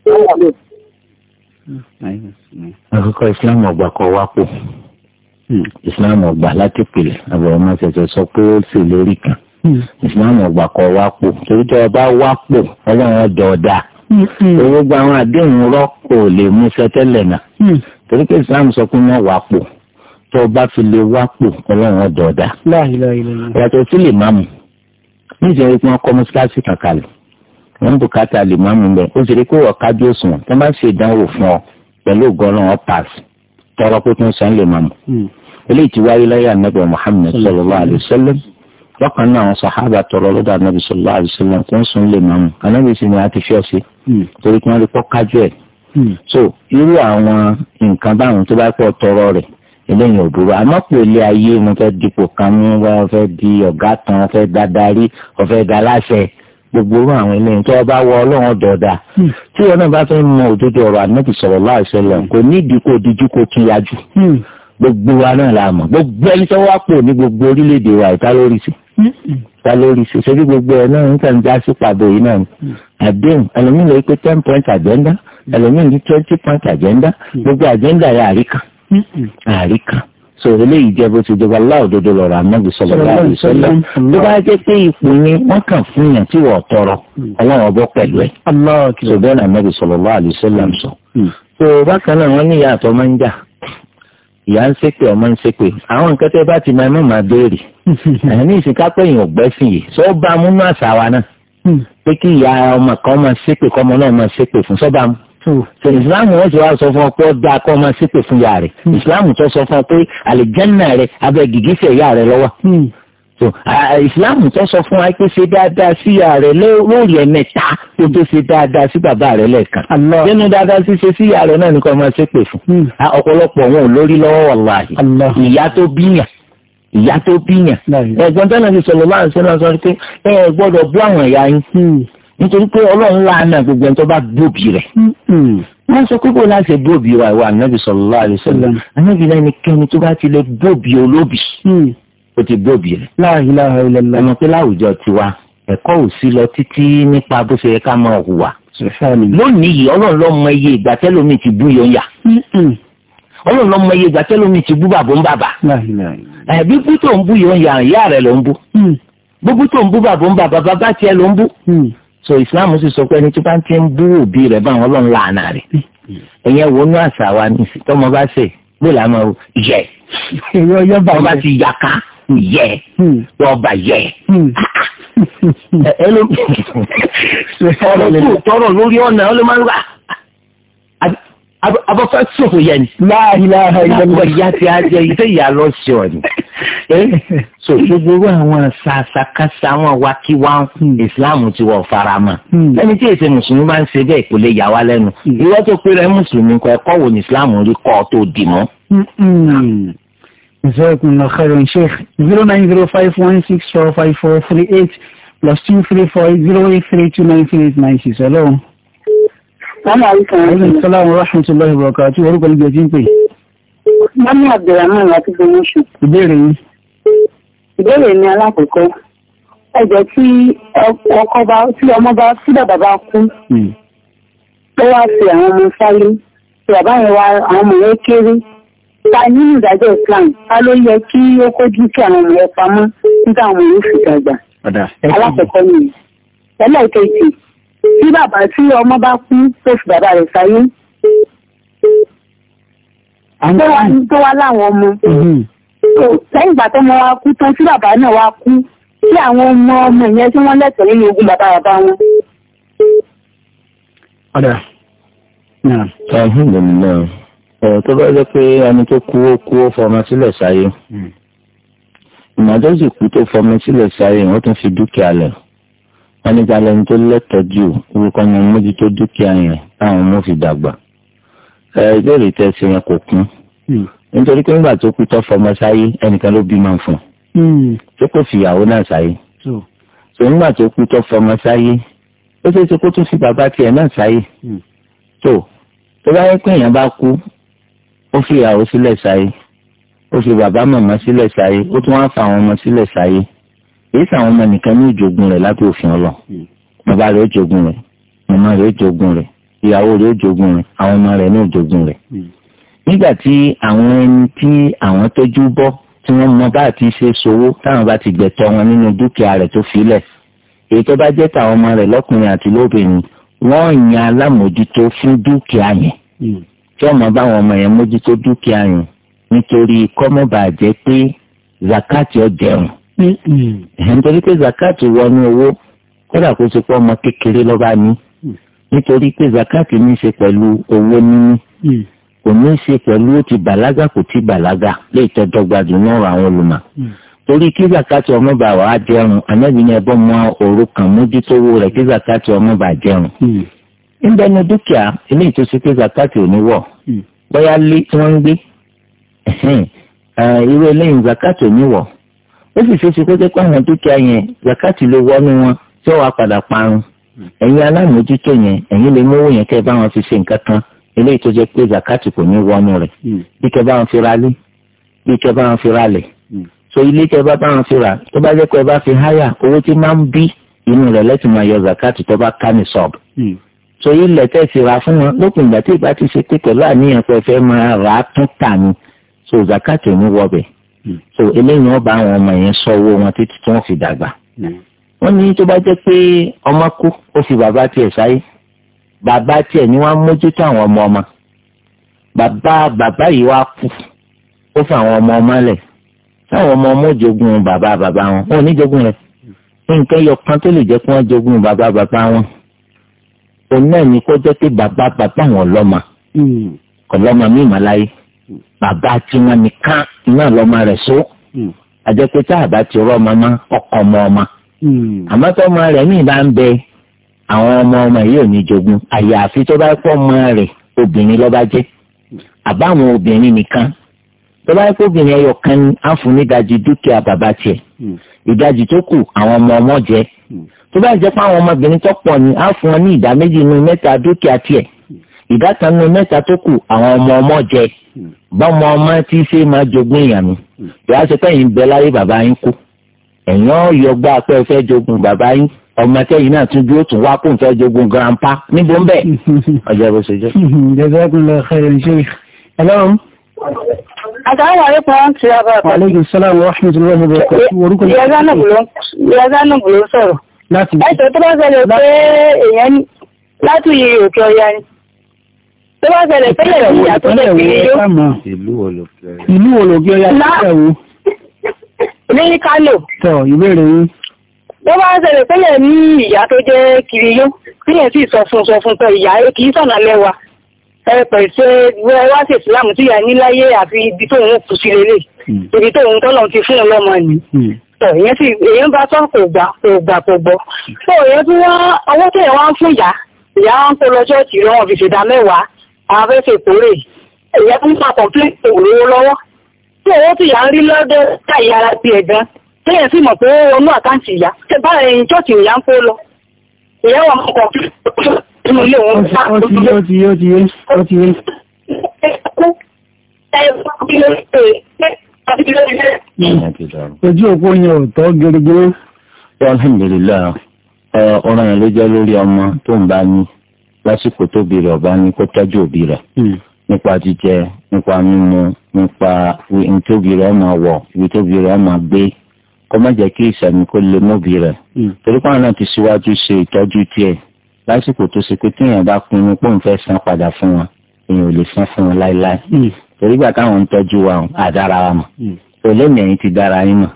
tó wà lò. àkọ́kọ́ ìsìlámù ọgbà kọ wá pò ìsìlámù ọgbà láti pèlè àbọ̀rọ̀ máa ṣẹ̀ṣẹ̀ sọ pé ó sì lórí kan ìsìlámù ọgbà kọ wá pò torí tí ọba wá pò ọlọ́run ọjọ́ ọ̀dà owó hmm. hmm. gba àwọn àdéhùn rọ́pò lè mú sẹ́tẹ́lẹ̀ náà hmm torí pé islam sọ pé wọ́n wà pò tó o bá fi lè wá pò ọlọ́run ọ̀dọ̀ ọ̀dà. yàtọ̀ sí lè máàmù níjẹ́ wípé wọ́n kọ́ mọ́síláṣí kàkà lò wọ́n bùkátà lè máàmù bẹ́ẹ̀ ó sì rí pé ọ̀ká bí òṣùwọ̀n tó bá ṣe ìdánwò fún ọ pẹ̀lú ògọ́rùn-ún ọ̀pàs tọrọ pé tún sàn lè máàmù. Hmm. eléyìí ti wáyé láyé ànábì Muhammad sallallahu alayhi wa sallam lọ́kàn náà àwọn sàhábà tọrọ lọ́dọ̀ ànábì sallallahu alayhi wa sallam kó ń sùn lè máàmù ànábì sì ni a ti fi ọ̀ sí hmm. torí Hmm. so irú àwọn nǹkan báwọn tó bá pọ̀ tọrọ rẹ̀ eléyìí ò burú àmọ́ pé ilé ayé mo fẹ́ dipò kan mú wá ọ fẹ́ di ọ̀gá kan ọ fẹ́ dadarí ọ fẹ́ daláṣẹ gbogbo orú àwọn eléyìí tí wọ́n bá wọ ọlọ́run dọ̀dà hmm. tí wọn náà bá fẹ́ mọ òdodo ọ̀rọ̀ ànábì sọ̀rọ̀ láìsẹ̀ lọ kò ní ìdíkò díjú kò tún yájú hmm. gbogbo wa náà la mọ̀ gbogbo ẹni tó wá pò ní gbogbo orílẹ̀-èdè wa ìta lórí sí ta lórí ṣiṣẹ́ bí gbogbo ẹ̀ náà ń kàn já sí pàdé yìí náà àdéhùn ẹlòmíì lè pe ten point agenda ẹlòmíín ní twenty point agenda hmm. gbogbo agenda yà àríkà hmm. àríkà so eléyìí jẹ bó ti jọba láòdodo lọ́rọ̀ anábì sọlọ láàbì sọlọ tó bá jẹ pé ipò ni wọn kàn fún yàn tí wọn tọrọ hmm. Ọlọ́run ọbọ pẹ̀lú ẹ so bẹ́ẹ̀ anábì sọlọ láàbì sọlọ ń sọ. so bákan náà wọn ní ìyá àtọ máa ń jà ìyá ń ṣépè ọmọ ń ṣépè àwọn nǹkan tẹ bá ti máa mọ̀ máa béèrè ẹ̀yìn ní ìsìnkápẹ́ yìí ọ̀gbẹ́sìn yìí sọ bá múnú àṣà wa náà pé kí ìyá ọmọ kan máa ṣépè kọ́mọ náà máa ṣépè fún sọ́bàmù Hmm. so islam wọn ti wá sọ fún ọ pé ó dáa kó máa ṣépè fún ìyá rẹ hmm. islam tó sọ fún ọ pé àlìjánná rẹ abẹ gìgísẹ̀ ìyá rẹ lọ́wọ́ hmm. so islam tó sọ fún wa pé ṣe dáadáa sí ìyá rẹ lórí ẹ̀mẹ́ta tó tó ṣe dáadáa sí bàbá rẹ lẹ́ẹ̀kan nínú dáadáa ṣíṣe sí ìyá rẹ náà ni kó máa ṣépè fún ọ̀pọ̀lọpọ̀ wọn ò lórí lọ́wọ́ wàláhì ìyá tó bíyàn ìyá tó bíyàn ẹ̀gbọ́n tẹ́lẹ̀ ti sọ̀rọ̀ láàrin sẹ́nà sọ pé ẹ gbọ́dọ̀ bú àwọn ìyá yín nítorí pé ọlọ́run lánàá gbogbo ẹni tó bá dóbi rẹ̀ wọ́n sọ pé kó láti dóbi wa ìwà ànábì sallallahu alaihi wasallam mm. ànábì lẹ́ni kẹ́ni tó bá ti lè dóbi olóbi mm. ó ti dóbi rẹ̀. la ilaha illallah ọmọ pé láwùjọ tiwa ẹ̀kọ́ ò sí lọ títí nípa bó ṣe yẹ ká máa hùwà. lónìí yìí ọlọ́run ló mọ iye ìgbà tẹ́lómi ti bú yọ̀ǹyà ọlọ́run ló mọ iye ìgbà tẹ́lómi ti bú bàbá ń bàbá. ẹ̀bí bú tó ń bú yọ̀ǹyà ìyá rẹ̀ ló ń bú. Mm. bó ń bú bàbá ń bàbá bàbá tiẹ̀ ló ń bú so islam sì sọ pé ẹni tó bá ti ń bú òbí rẹ̀ báwọn ọlọ́run làánà rẹ̀ ẹ̀yẹn wo ní àṣà wa ní tọ́mọ bá ṣe bó la máa yẹ tọ́mọ bá ti yaka yẹ hmm. tọ́ba yẹ hmm. ah, ah. ẹlòmíràn *laughs* tọrọ lórí ọ̀nà ọlọ́mọ abọ́fẹ́ sòfò yẹn ni. láàrínláàrá ìjọba ìyá ti ajẹ ìdé ìyá lọ sí ọ ni. *laughs* Eh? so gbogbo àwọn sàṣàkàṣà àwọn wakiwa islam ti wọ fara mọ́. Hmm. ẹni tí èsè mùsùlùmí máa ń ṣe bẹ́ẹ̀ kò lè yà wá lẹ́nu. Hmm. ìwọ́n tó pé rẹ mùsùlùmí kọ ẹ̀kọ́ wo ni islam rí kọ́ ọ tó dì mọ́. ìṣègùn hmm, lọ́kẹ́rọ̀ sheikh zero nine zero five one six four five four three eight plus two three four zero eight three two nine three eight nine six hello. Assalamu warahmatullahi wabarakatuh orúkọ nígbẹ̀ tí ń pè. Mọ́mí Abdulrahman láti Gbẹmọ́ṣù. Ìbéèrè yìí. Ìbéèrè mi alákọ̀ọ́kọ́. Ẹ̀jẹ̀ tí ọkọ bá tí ọmọ bá tí bàbá bá kú. Hmm. Ó wá fi àwọn ọmọ bàbá yẹn wá àwọn Ta nínú ìdájọ́ Islam, ta ló yẹ kí ó kójú kí àwọn ọmọ yẹn pamọ́ nígbà àwọn ọmọ tí bàbá tí ọmọ bá kú tó fi bàbá rẹ̀ sáyé tó wá láwọn ọmọ mm-hmm. lẹ́yìn ìgbà tó mọ wa kú tán tí bàbá náà wá kú tí àwọn ọmọ ọmọ yẹn tí wọ́n lẹ́tọ̀ọ́ nínú ogún bàbá bàbá wọn. tó bá jẹ́ pé ẹni tó kú ó kú ó fọmọ sílẹ̀ sáyé mm. ìmọ̀jọ́sì kú tó fọmọ sílẹ̀ sáyé wọ́n tún fi dúkìá lẹ̀ wọ́n ní ta lẹni tó lẹ́tọ̀ọ́ jù orúkọ ni mójútó dúkìá yẹn táwọn mú fi dàgbà ẹ ìbéèrè tẹ̀sí yẹn kò kún hmm. nítorí pé nígbà tó kú tó fọmọ sáyé ẹnìkan ló bímọ fún un tó hmm. kò fìyàwó náà sáyé tó nígbà tó kú tó fọmọ sáyé ó ṣeé ṣe kó tún fi bàbá tiẹ̀ náà sáyé tó hmm. tó bá yẹ pé èèyàn bá kú ó fìyàwó sílẹ̀ sáyé ó fi bàbá màmá sílẹ̀ sáyé ó tún wá fa àwọn ọmọ sílẹ̀ sáyé èyí sàwọn ọmọ nìkan ní ìjogún rẹ̀ lábẹ́ òfin ọlọ hmm. bàbá rẹ̀ ó jogún rẹ̀ màmá rẹ̀ ó jogún rẹ̀ ìyàwó rẹ̀ ó jogún rẹ̀ àwọn ọmọ rẹ̀ náà ó jogún rẹ̀. Hmm. nígbà tí àwọn ẹni tí àwọn tójú bọ́ tí wọ́n mọ bá ti ṣe sowó táwọn bá ti gbẹ̀tọ́ wọn nínú dúkìá rẹ̀ tó filẹ̀ èyí tó bá jẹ́ tàwọn ọmọ rẹ̀ lọ́kùnrin àti lóbìnrin wọ́n yan alámòjútó fún dúkìá yẹn tí hmm. ọmọ báwọn ọmọ yẹn mójútó dúkìá yẹn Mm-hmm. nítorí pé zakat wọnú owó kódà kó ṣe pé ọmọ kékeré lọ́ba ní mm. nítorí pé zakat ní í ṣe pẹ̀lú owó níní mm. kò ní í ṣe pẹ̀lú ó ti bàlágà kò ti bàlágà lè tọ́jọ́ gbajúmọ̀ ọ̀rọ̀ àwọn olùmọ̀ mm. torí kí zakati ọmọ bá wàá jẹun anabi ni ẹbọ mọ òru kan mójútówó rẹ kí zakati ọmọ bá jẹun. níbẹ̀ ni dúkìá eléyìí tó pé zakati ò ní wọ̀ bóyá lé tí wọ́n ń gbé irú eléyìí zakati ò ní wọ̀ ó sì ṣeéṣe kó jẹ́ pé àwọn dúkìá yẹn zakati ló wọnú wọn tí wọ́n wá padà parun ẹ̀yin alámòójútó yẹn ẹ̀yin lè mówó yẹn kẹ́ ẹ bá wọn fi ṣe nǹkan kan eléyìí tó jẹ́ pé zakati kò ní wọnú rẹ̀ hmm. bí kẹ́ bá wọn fi ralé bí kẹ́ bá wọn fi ralẹ̀ hmm. so ilé kẹ́ bá bá wọn fi rà tó bá jẹ́ pé ẹ bá fi háyà owó tí máa ń bí inú rẹ̀ lẹ́tì máa yọ zakati tó bá ká ní sọ́ọ̀b hmm. so ilẹ̀ tẹ́ ti ra fún wọn lópin ìgbà tí ìbá ti ṣe pé so zakati ò ní so eléyìí wọn bá àwọn ọmọ yẹn sọ owó wọn títí tí wọn fi dàgbà wọn ní tó bá jẹ́ pé ọmọ kú ó fi bàbá tiẹ̀ sáyé bàbá tiẹ̀ ni wọ́n mójútó àwọn ọmọ ọmọ bàbá bàbá yìí wá kú ó fi àwọn ọmọ ọmọ lẹ̀ táwọn ọmọ ọmọ jogun bàbá bàbá wọn wọn ò ní jogun rẹ̀ nǹkan yọ kan tó lè jẹ́ kí wọ́n jogun bàbá bàbá wọn òun náà ní kó jẹ́ pé bàbá bàbá wọn lọ́mọ hmm. kò lọ́mọ láyé hmm. bàbá tiwọn nìkan náà lọ́mọ rẹ̀ só àjẹpẹ́ hmm. tá a bá ti rọ́ ọmọ mọ́ ọkọ̀ ọmọ ọmọ hmm. àmọ́ tó ọmọ rẹ̀ míì bá ń bẹ àwọn ọmọ ọmọ yìí ò ní jogún àyàfi tó bá pọ̀ ọmọ rẹ̀ obìnrin ló bá jẹ́ àbáwọn obìnrin nìkan tó bá pọ̀ obìnrin ẹyọ kan ní àfúnidájì dúkìá bàbá tiẹ̀ hmm. ìdajì tó kù àwọn ọmọ ọmọ jẹ tó bá jẹ́ pé àwọn ọmọbìnrin tó pọ̀ ní àfún ìdá méjì nínú mẹ́ta dúkìá tiẹ̀ ìdá kan nínú mẹ́ta tó kù àwọn ọmọ ọmọ jẹ bọ́mọ ọmọ tí ṣe máa jogún ìyàn mi ìyá ṣe pé yín bẹ láyé bàbá yín kú ẹ̀yàn ọ̀yọ́gbà pé ẹ fẹ́ jogún bàbá yín ọmọ tẹ́yìn náà tún dúró tún wá kó n fẹ́ jogún grandpa níbo ń bẹ̀ *laughs* ọjọ́ bó ṣe jẹ́. jazakallah khairan sheikh. hello. Àtàwọn àwọn ẹ̀kọ́ wọn ti abá àpá. Àlejò sọ́lá wọ́n ṣe ti wọ́n bẹ̀rẹ̀ kọ́. Ìyàgánà bùrọ̀ sọ̀rọ̀. Láti. Ẹ̀sọ̀ tó bá ṣẹlẹ̀ pé èèyàn láti òkè ọya ni tó bá ṣẹlẹ̀ tẹ́lẹ̀ ní ìyàtọ̀ lè fi yó. ìlú olùkí ọya tẹ́lẹ̀ wo. ní Kánò. tọ ìbéèrè yín. tó bá ṣẹlẹ̀ tẹ́lẹ̀ ní ìyá tó jẹ́ kiri yó tíyẹ̀ sì sọ fún sọ fún tọ ìyá kì í sọ̀nà lẹ́wà ẹ pẹ̀sẹ̀ wẹ́ wá sí ìsìlámù tí ìyá níláyé àfi ibi tó ń kù sí lélẹ̀ hmm. ibi tó ń tọ́lọ̀ ti fún ọlọ́mọ ni hmm. tọ̀ èyàn sì èyàn bá tọ́ kò gbà kò gbà kò gbọ́ hmm. tó èyàn tí wọ́n ọwọ́ tẹ̀yẹ̀ wá fún ìyá ìyá wọn kó lọ ṣọ́ọ̀ṣì rẹ̀ wọn fi ṣèdá mẹ́wàá afẹ́fẹ́ ìkórè ẹ̀yà tó ń pa kọ̀ǹpléètì olówó lọ́wọ́ tí owó tí ìyá ń rí lọ́dọ̀ táyà ara ti ẹ̀dá téèyàn sì mọ̀ pé ó wọnú àkáǹtì ìyá tẹ bá ẹyin chọ́ọ̀tì ìyá ń kó lọ ìyá wà mọ́ kọ̀ǹpléètì wọn bá ó ojú òpó yẹn ò tọ́ gẹ́gẹ́. alhamdulilayi ọ̀ràn yẹn jẹ́ lórí ọmọ tó ń bá yín lásìkò tóbi rẹ̀ ọba ní kó tọ́jú òbí rẹ̀ hmm. nípa jíjẹ nípa mímu nípa ntóbi rẹ̀ máa wọ̀ ntóbi rẹ̀ máa gbé kó má jẹ́ kí ìsàmì kó lè móbi rẹ̀ hmm. torí pàrọ̀ náà ti síwájú ṣe ìtọ́jú tiẹ̀ lásìkò tó ṣe pé téèyàn bá pinnu pé òun fẹ́ san padà fún wọn èèyàn ò lè san fún wọn láéláé hmm. torí gbà táwọn ń tọ́jú wa àdára wa mọ̀ òlẹ́mìí ti dára yín mọ̀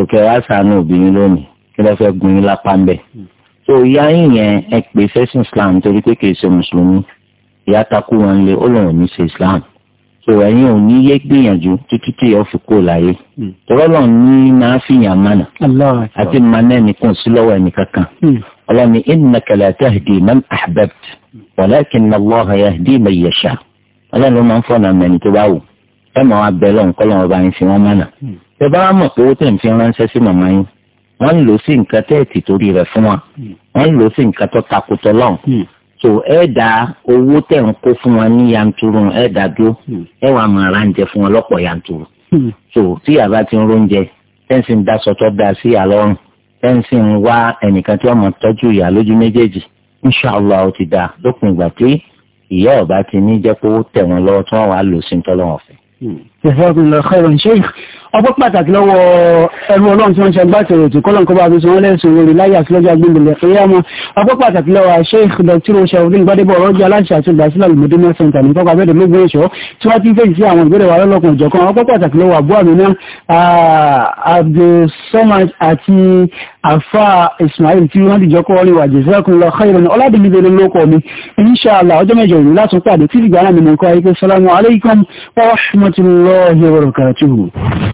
òkè wa sànú òbí yín lónìí kí lọ́ fẹ́ gun yín lápá ń so ìyá yín yẹn ẹ pè fẹsùn islam torí pé kìí ṣe mùsùlùmí ìyá takú wọn lé ó lòun ní ṣe islam so ẹ̀yin ò ní yé gbìyànjú títí tí ó fi kó láyé hmm. tọ́lọ́ lọ ní máa fìyàn mánà àti mánà ẹnìkan sí lọ́wọ́ ẹnìkankan hmm. ọlọ́ni innaka la tahdi man ahbabta walakinna Allaha yahdi man yasha ọlọ́ni ló máa ń fọ̀nà mẹ́ni tó bá wù ẹ̀ máa wá bẹ́ẹ̀ lọ́nkọ́ lọ́wọ́ bá yín fi wọ́n mánà hmm. ẹ wọ́n ń lò sí nǹkan tẹ́ẹ̀tì torí rẹ̀ fún wa hmm. wọ́n ń lò sí nǹkan tó takùtọ̀ lọ́n hmm. so ẹ da owó tẹ̀ ń kó fún wa ní yanturu ẹ da dúró hmm. ẹ wàá máa ra ń fún wa lọ́pọ̀ yanturu so tí yàrá ti ń róúnjẹ tẹ́ǹsì ń daṣọ tó da sí àlọ́run tẹ́ǹsì ń wá ẹnìkan tí wọ́n mọ̀ tọ́jú ìyá lójú méjèèjì inṣàlá ó ti da lópin ìgbà pé ìyá ọ̀bá ti ní jẹ́ kó tẹ̀ wọ́n lọ́wọ́ tí wọ́n wàá lò sí ń tọ́lọ́wọ́n fẹ́. Jazakumullahu khairan Sheikh ọpọ́ pàtàkì lọ́wọ́ ẹrú ọlọ́run tí wọ́n ṣe agbátẹ̀rẹ̀ ètò kọ́lọ̀ kọ́bà tó sọ́wọ́n lẹ́sùn lórí láyé àtìlọ́jọ́ agbègbèlẹ̀ kíyàmá ọpọ́ pàtàkì lọ́wọ́ Sheikh Dr. oṣèwọ́dún gbádébọ̀ ọlọ́jọ́ aláṣẹ àti ìdásílẹ̀ olùmọdúnmọ́ sẹ́ńtà ní pápá bẹ́ẹ̀ lógún ẹ̀ṣọ́ tí wọ́n ti ń fèsì àwọn ìbéèrè wa lọ́lọ́kan ìjọ̀kan ọpọ́ pàtàkì lọ́wọ́ àbú àmìnà Abdulsamad àti afa Ismail tí wọ́n dìjọ́ kọ́ rí wa Jazakumullahu khairan ọládìmídé lóko mi inshallah ọjọ́ mẹ́jọ ìlú láti pàdé tí ìgbà náà mi nìkan ayé pé salamu alaykum wa rahmatulah الله وبركاته